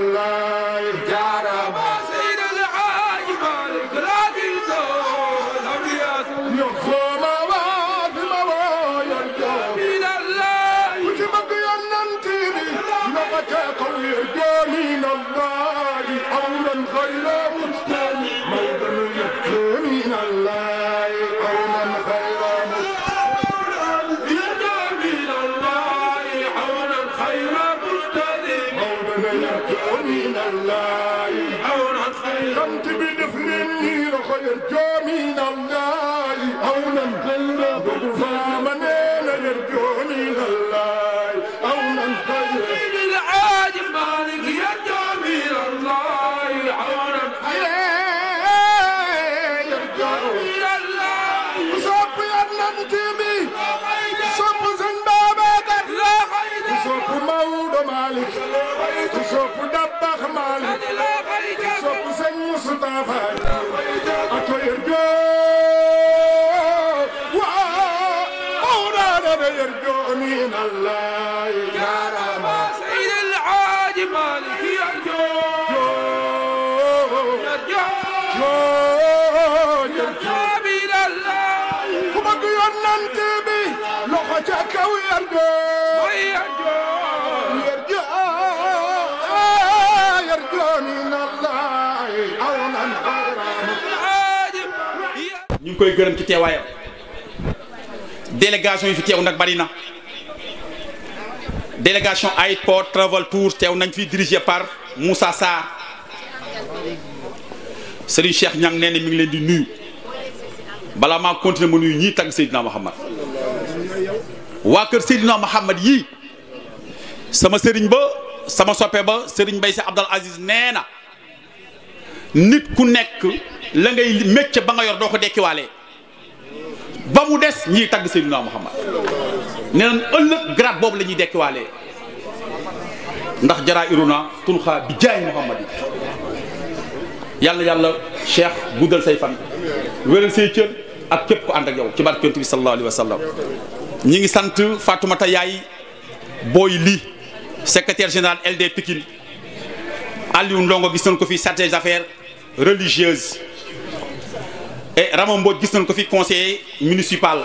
Allah kaw yarjo yarjo yarjo yarjo min Allah aw nan ñu ngi koy gërëm ci teewaayam délégation yi fi teew nag bari na délégation airport travel tour teew nañ fi dirigé par Moussa Sarr Serigne Cheikh Niang nee na mi ngi leen di nuyu balaa maa continuer ma nuyu ñii tagg Seydina Mouhamad waa kër Seydina Muhammad yii sama sëriñ ba sama soppe ba sëriñ Mbay Si Abdul Aziz nee na nit ku nekk la ngay ba nga yor doo ko dekkiwaale ba mu des ñiy tagg Seydina Muhammad nee ëllëg grade boobu la ñuy dekkiwaale ndax jaraa iruna tulxaa bi jaay Muhammad yi yàlla yàlla cheikh guddal say fan wéral say cër ak képp ko ànd ak yow ci barke yonent bi sallallahu wa sallam ñi ngi sant Fatoumata Yaay Boy Ly secrétaire général LD Pikine Aliou Ndongo gis nañ ko fi chargé des affaires religieuses et gis nañ ko fi conseiller municipal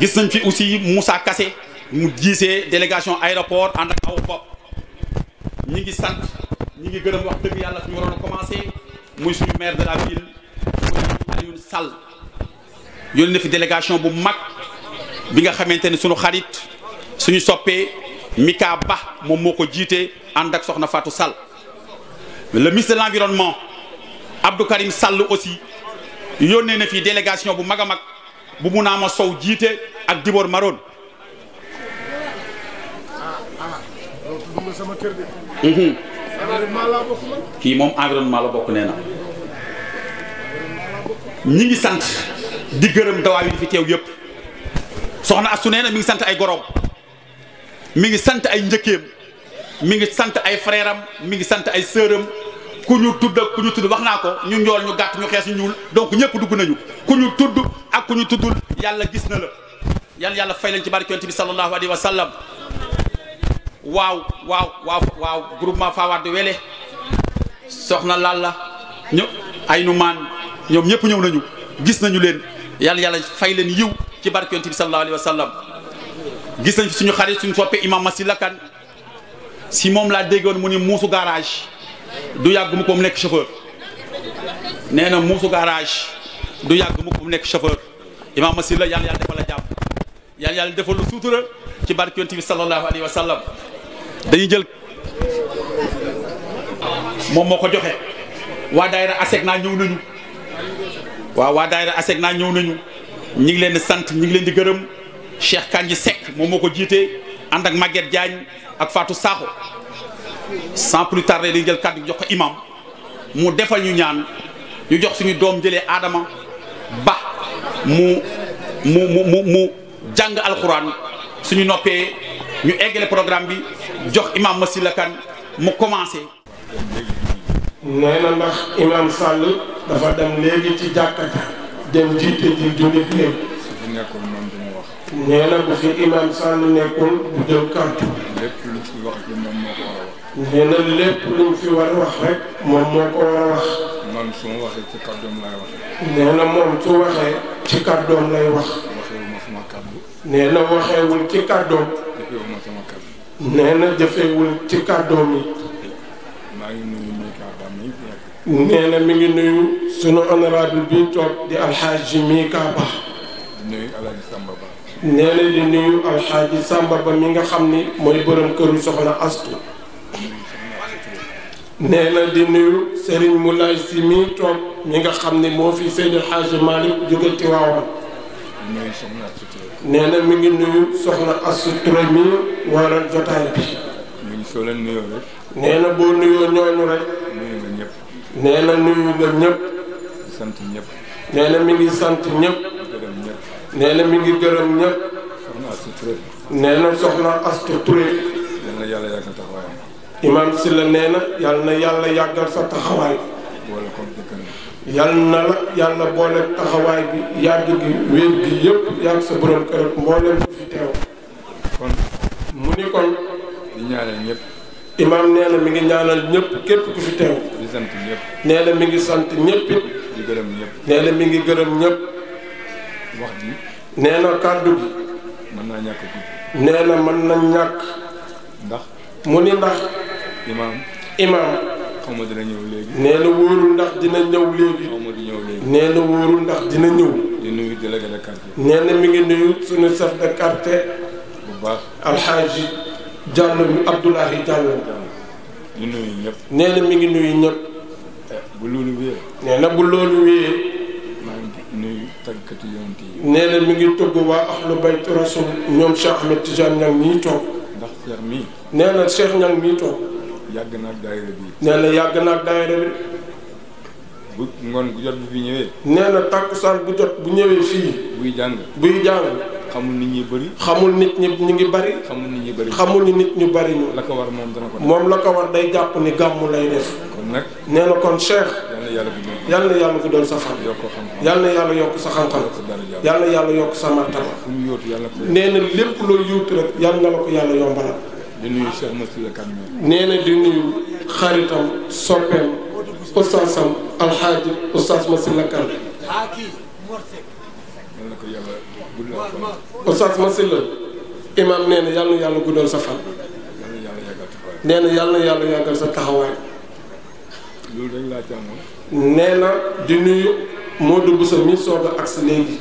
gis nañ fi aussi Moussa Kassé mu jiisee délégation aéroport ànd ak aw bopp ñi ngi sant ñi ngi gërëm wax dëgg yàlla fi ñu waroon commencé muy suñu maire de la ville muy Alioune Sall yónni na fi délégation bu mag bi nga xamante ni suñu xarit suñu soppee Mika Ba moom moo ko jiite ànd ak soxna Fatou Sall le ministre de l'environnement Abdou Karim Sall aussi yónnee na fii délégation bu mag a mag bu mun naa ma sow jiite ak Dibor Maroon mhm. kii moom environnement la bokk nee na ñi ngi sant di gërëm dawaa yi fi teew yëpp soxna astu nee na mi ngi sant ay gorom mi ngi sant ay njëkkeem mi ngi sant ay frère am mi ngi sant ay sœur am ku ñu tudd ak ku ñu tudd wax naa ko ñu njool ñu gàtt ñu xees ñu ñuul donc ñëpp dugg nañu ku ñu tudd ak ku ñu tuddul yàlla gis na la yàlla yàlla fay leen ci barke yonent bi sallallahu alayhi wa sallam waaw waaw waaw waaw groupement Fawade Wele soxna Lalla ñëpp ay nu maan ñoom ñëpp ñëw nañu gis nañu leen yàlla yàlla fay leen yiw ci barke yonent bi sallallahu alayhi wa gis nañ fi suñu xarit suñu soppe imam Masila Kane si moom laa déggoon mu ni muusu garage du yàgg mu ko mu nekk chauffeur nee na muusu garage du yàgg mu nekk chauffeur imam Masila yàlla yàlla defal la jàmm yàlla yàlla defal suutura ci barke yonent bi sallallahu alayhi wa sallam jël moom moo ko joxe waa daayira asek naa ñëw nañu waaw waa daayira naa ñëw nañu ñu ngi leen di sant ñu ngi leen di gërëm Cheikh Kandji Seck moom moo ko jiite ànd ak Maguette Diagne ak Fatou Sakho sans plus tarder di jël kàddu jox ko imam mu defal ñu ñaan ñu jox suñu doom jëlee aadama ba mu mu mu mu mu jàng alxuraan suñu noppee ñu eggale programme bi jox imam Masila Kane mu commencé. nee na ndax imam sàll dafa dem léegi ci jàkka ja dem jiite ji jullit ñëpp. nee na bu fi imam Sall nekkul bu jël kàddu. nee lépp luñ fi war wax rek moom moo ko war a wax. man su waxee ci kàddoom lay waxee. nee na moom su waxee. ci kàddoom lay wax. waxeewuma sama nee na waxeewul ci kàddoom. jëfeewuma sama kàddu. nee na jëfeewul ci kàddoom yi. nee na mi ngi nuyu sunu honorable bi toog di alxaaji Mika Ba. nee di nuyu alxaaji Samba Ba mi nga xam ni mooy borom këru soxna Astu. nee na di nuyu Serigne Moulay si mi toog mi nga xam ni moo fi Seydi Alxaaji Malick jóge Tiwaawan. nee na mi ngi nuyu soxna Astu Ture mi waral jotaay bi. boo nuyoo ñooñu rek. nee na nuyu ñoom ñëpp. di sant ñëpp. nee na mi ngi sant ñëpp. nee na mi ngi gërëm ñëpp. nee na soxna Astou Touré. yal na yàlla yàggal taxawaayam. si la nee na yal na yàlla yàggal sa taxawaay. boole ko jëkkër. yal na la yàlla boole taxawaay bi yàgg gi wér gi yëpp yàgg sa borom kër mboolem fi teew. mu ni kon. di ñaanal ñëpp. imaam nee na mi ngi ñaanal ñëpp képp ku fi teew. di sant ñëpp. nee na mi ngi sant ñëpp it. gërëm ñëpp. nee mi ngi gërëm ñëpp. wax ji. nee na kàddu gi. mën naa ñàkk a nee na ñàkk. ndax. mu ni ndax. imaam. imaam. xaw dina ñëw léegi. ndax dina ñëw léegi. xaw ma ñëw léegi. ndax dina ñëw. di nuyu délégué de quartier. nee na mi ngi nuyu suñu chef de quartier. bu baax alxaaji. Diallo mi Abdoulahi Diallo. nuyu ñëpp. nee na mi ngi nuyu ñëpp. Eh, bu loolu na bu loolu wéyee. maa ngi nuyu tàggatu yonent yi. mi ngi togg waa ahlu bayt rasul ñoom Cheikh Ahmed Tidiane ña toog. ndax Cheikh mii. nee na Cheikh ña toog. yàgg na ak daayira bi. nee yàgg na ak daayira bi. bu ngoon bu jot bu fi ñëwee. nee na tàkkusaan bu jot bu ñëwee fii. buy jàng buy jàng. xamul nit ñi bëri. xamul nit ñi ñu ngi bëri. xamul nit ñi bari xamul ni nit ñu bari ñu. la ko war moom dana ko la ko war day jàpp ni gàmmu lay def. kon nag nee na kon Cheikh. yal na yàlla guddal sa fan. yal na yàlla yokk sa xam-xam. yal na yàlla yokk sa martaba. nee na lépp loolu yóotu rek yal na la ko yàlla yombalal. di nuyu Cheikh Massila Kane. nee na di nuyu xaritam soppeem oustazam alxaaji oustaz Massila Kane. Oustaz Massyla imaam nee na yàlla na yàlla guddal sa fat nee na yàlla yàlla yàggal sa taxawaay. loolu dañ laa jàmmoon. na di nuyu Modou Boussa mi soog a agsi léegi.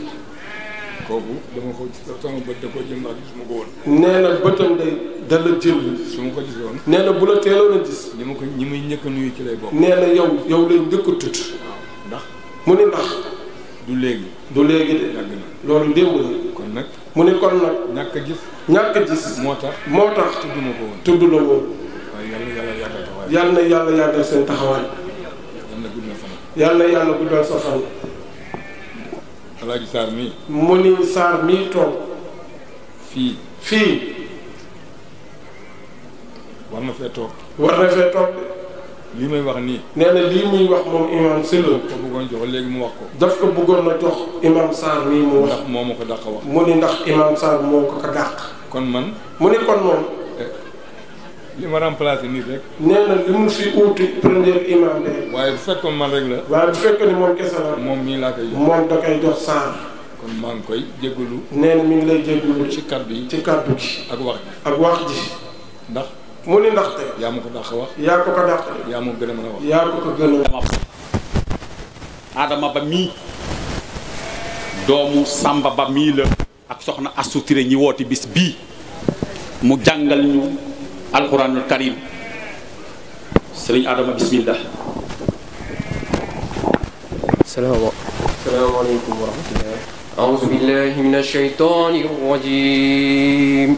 kooku dama ko sama bët da ko jël ndax gisuma ko woon. nee na bëtam day da jël. su ma ko gisoon. nee bu la teeloon a gis. ñi ma ko ñi muy njëkk nuyu ci lay bokk. nee na yow yow lay njëkk a tut. mu ni ndax. du léegi. du léegi de. yàgg na loolu démb la. kon nag mu ne kon nag. ñàkk a gis. ñàkk a gis. moo tax moo tax. tudd na ko woon tudd na woon. waaye yàlla yàlla yàggal taxawaay. yàlla na yàlla yàggal seen taxawaay. yàlla guddal fan. yàlla yàlla guddal sa fan. Alaaji Sarr mii. mu ni Sarr mii toog. fii. fii. war na fee toog. war na fee toog. lii may wax nii. nee na lii muy wax moom imaam Sylla. ko bëggoon jox léegi mu wax ko. daf ko bëggoon a jox imaam Sarr nii mu wax. ndax moo ma ko dàq wax. ni ndax imaam Sarr moo ko dàq. kon man. mu ni kon moom. Eh, li ma nii rek. nee na li mu fi man rek la. waaye bu fekkoon ni moom kese laa koy jox moom da koy jox Sarr. kon maa ngi koy jégalu. nee mu ngi lay jégalu. ci kaddu yi ci kaddu gi. ak wax ji ak wax ji ndax. mu ni ndaxte. yaa ma ko dàq wax. yaa ko ko dàq. yaa ma ko gën a a wax. yaa ko ko gën a. Adama ba mii doomu Samba ba mii la ak soxna Astou ñi woote bis bii mu jàngal ñu alxuraanul karim sëriñ Adama bismillah. salaamaaleykum wa rahmatulah. aouzu billahi rajiim.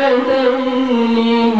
بثنيه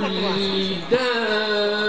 daaba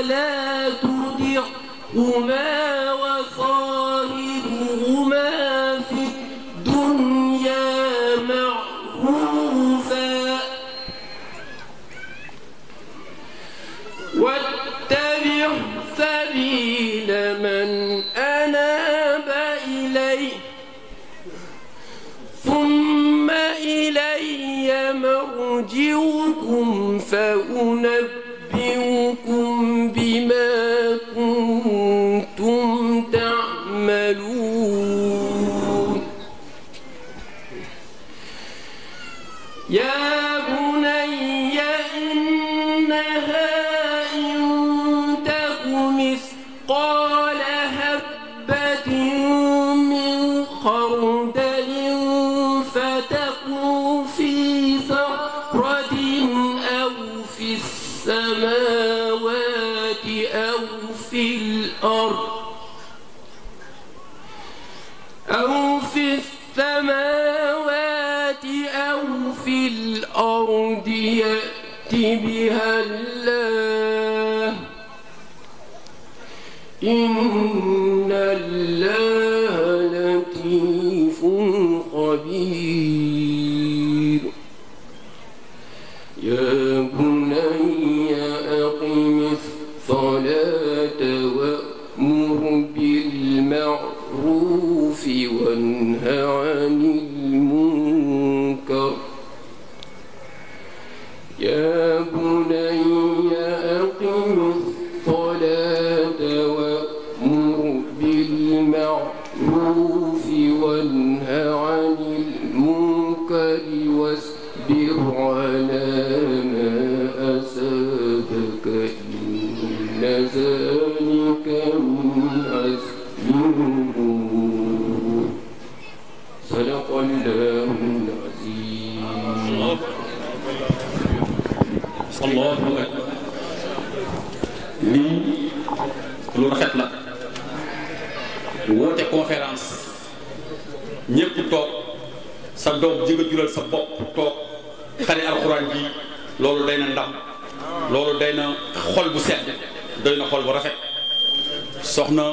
ولا تطعهما allahu akbar lii lu rafet la woote conférence ñépp toog sa doom ji nga jural sa bopp toog xare alxuraan ji loolu day na ndam loolu day na xol bu set day na xol bu rafet soxna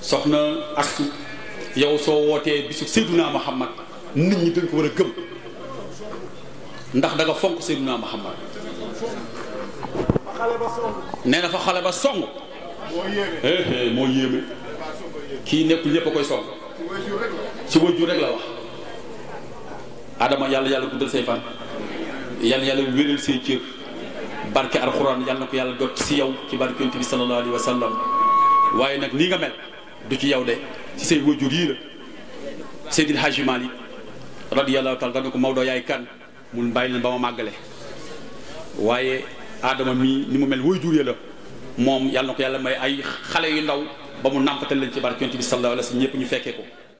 soxna astu yow soo wootee bisu Seydunaa Muhammad nit ñi dañ ko war a gëm ndax da nga fonk Seydina Muhammad nee na fa xale ba song eh, eh, moo yéeme kii nekkul ñëpp a koy song ci wajju rek la wax adama yàlla yàlla guddal say fan yàlla yàlla wéral say cër barke alxuraan yàlla na ko yàlla jot si yow ci barke yonent bi sallallahu alayhi waaye nag nii nga mel du ci yow de ci say wajur yii la Seydil Hadji Malick radiyallahu taala dana ko Maodo yaay kan mun bàyyi leen ba ma màggale waaye aadama mii ni mu mel woy juree la moom yàlla na ko yàlla may ay xale yu ndaw ba mu nàmpatal lañ ci barke yonent bi sallallahu alayhi wa sallam ñu fekkee ko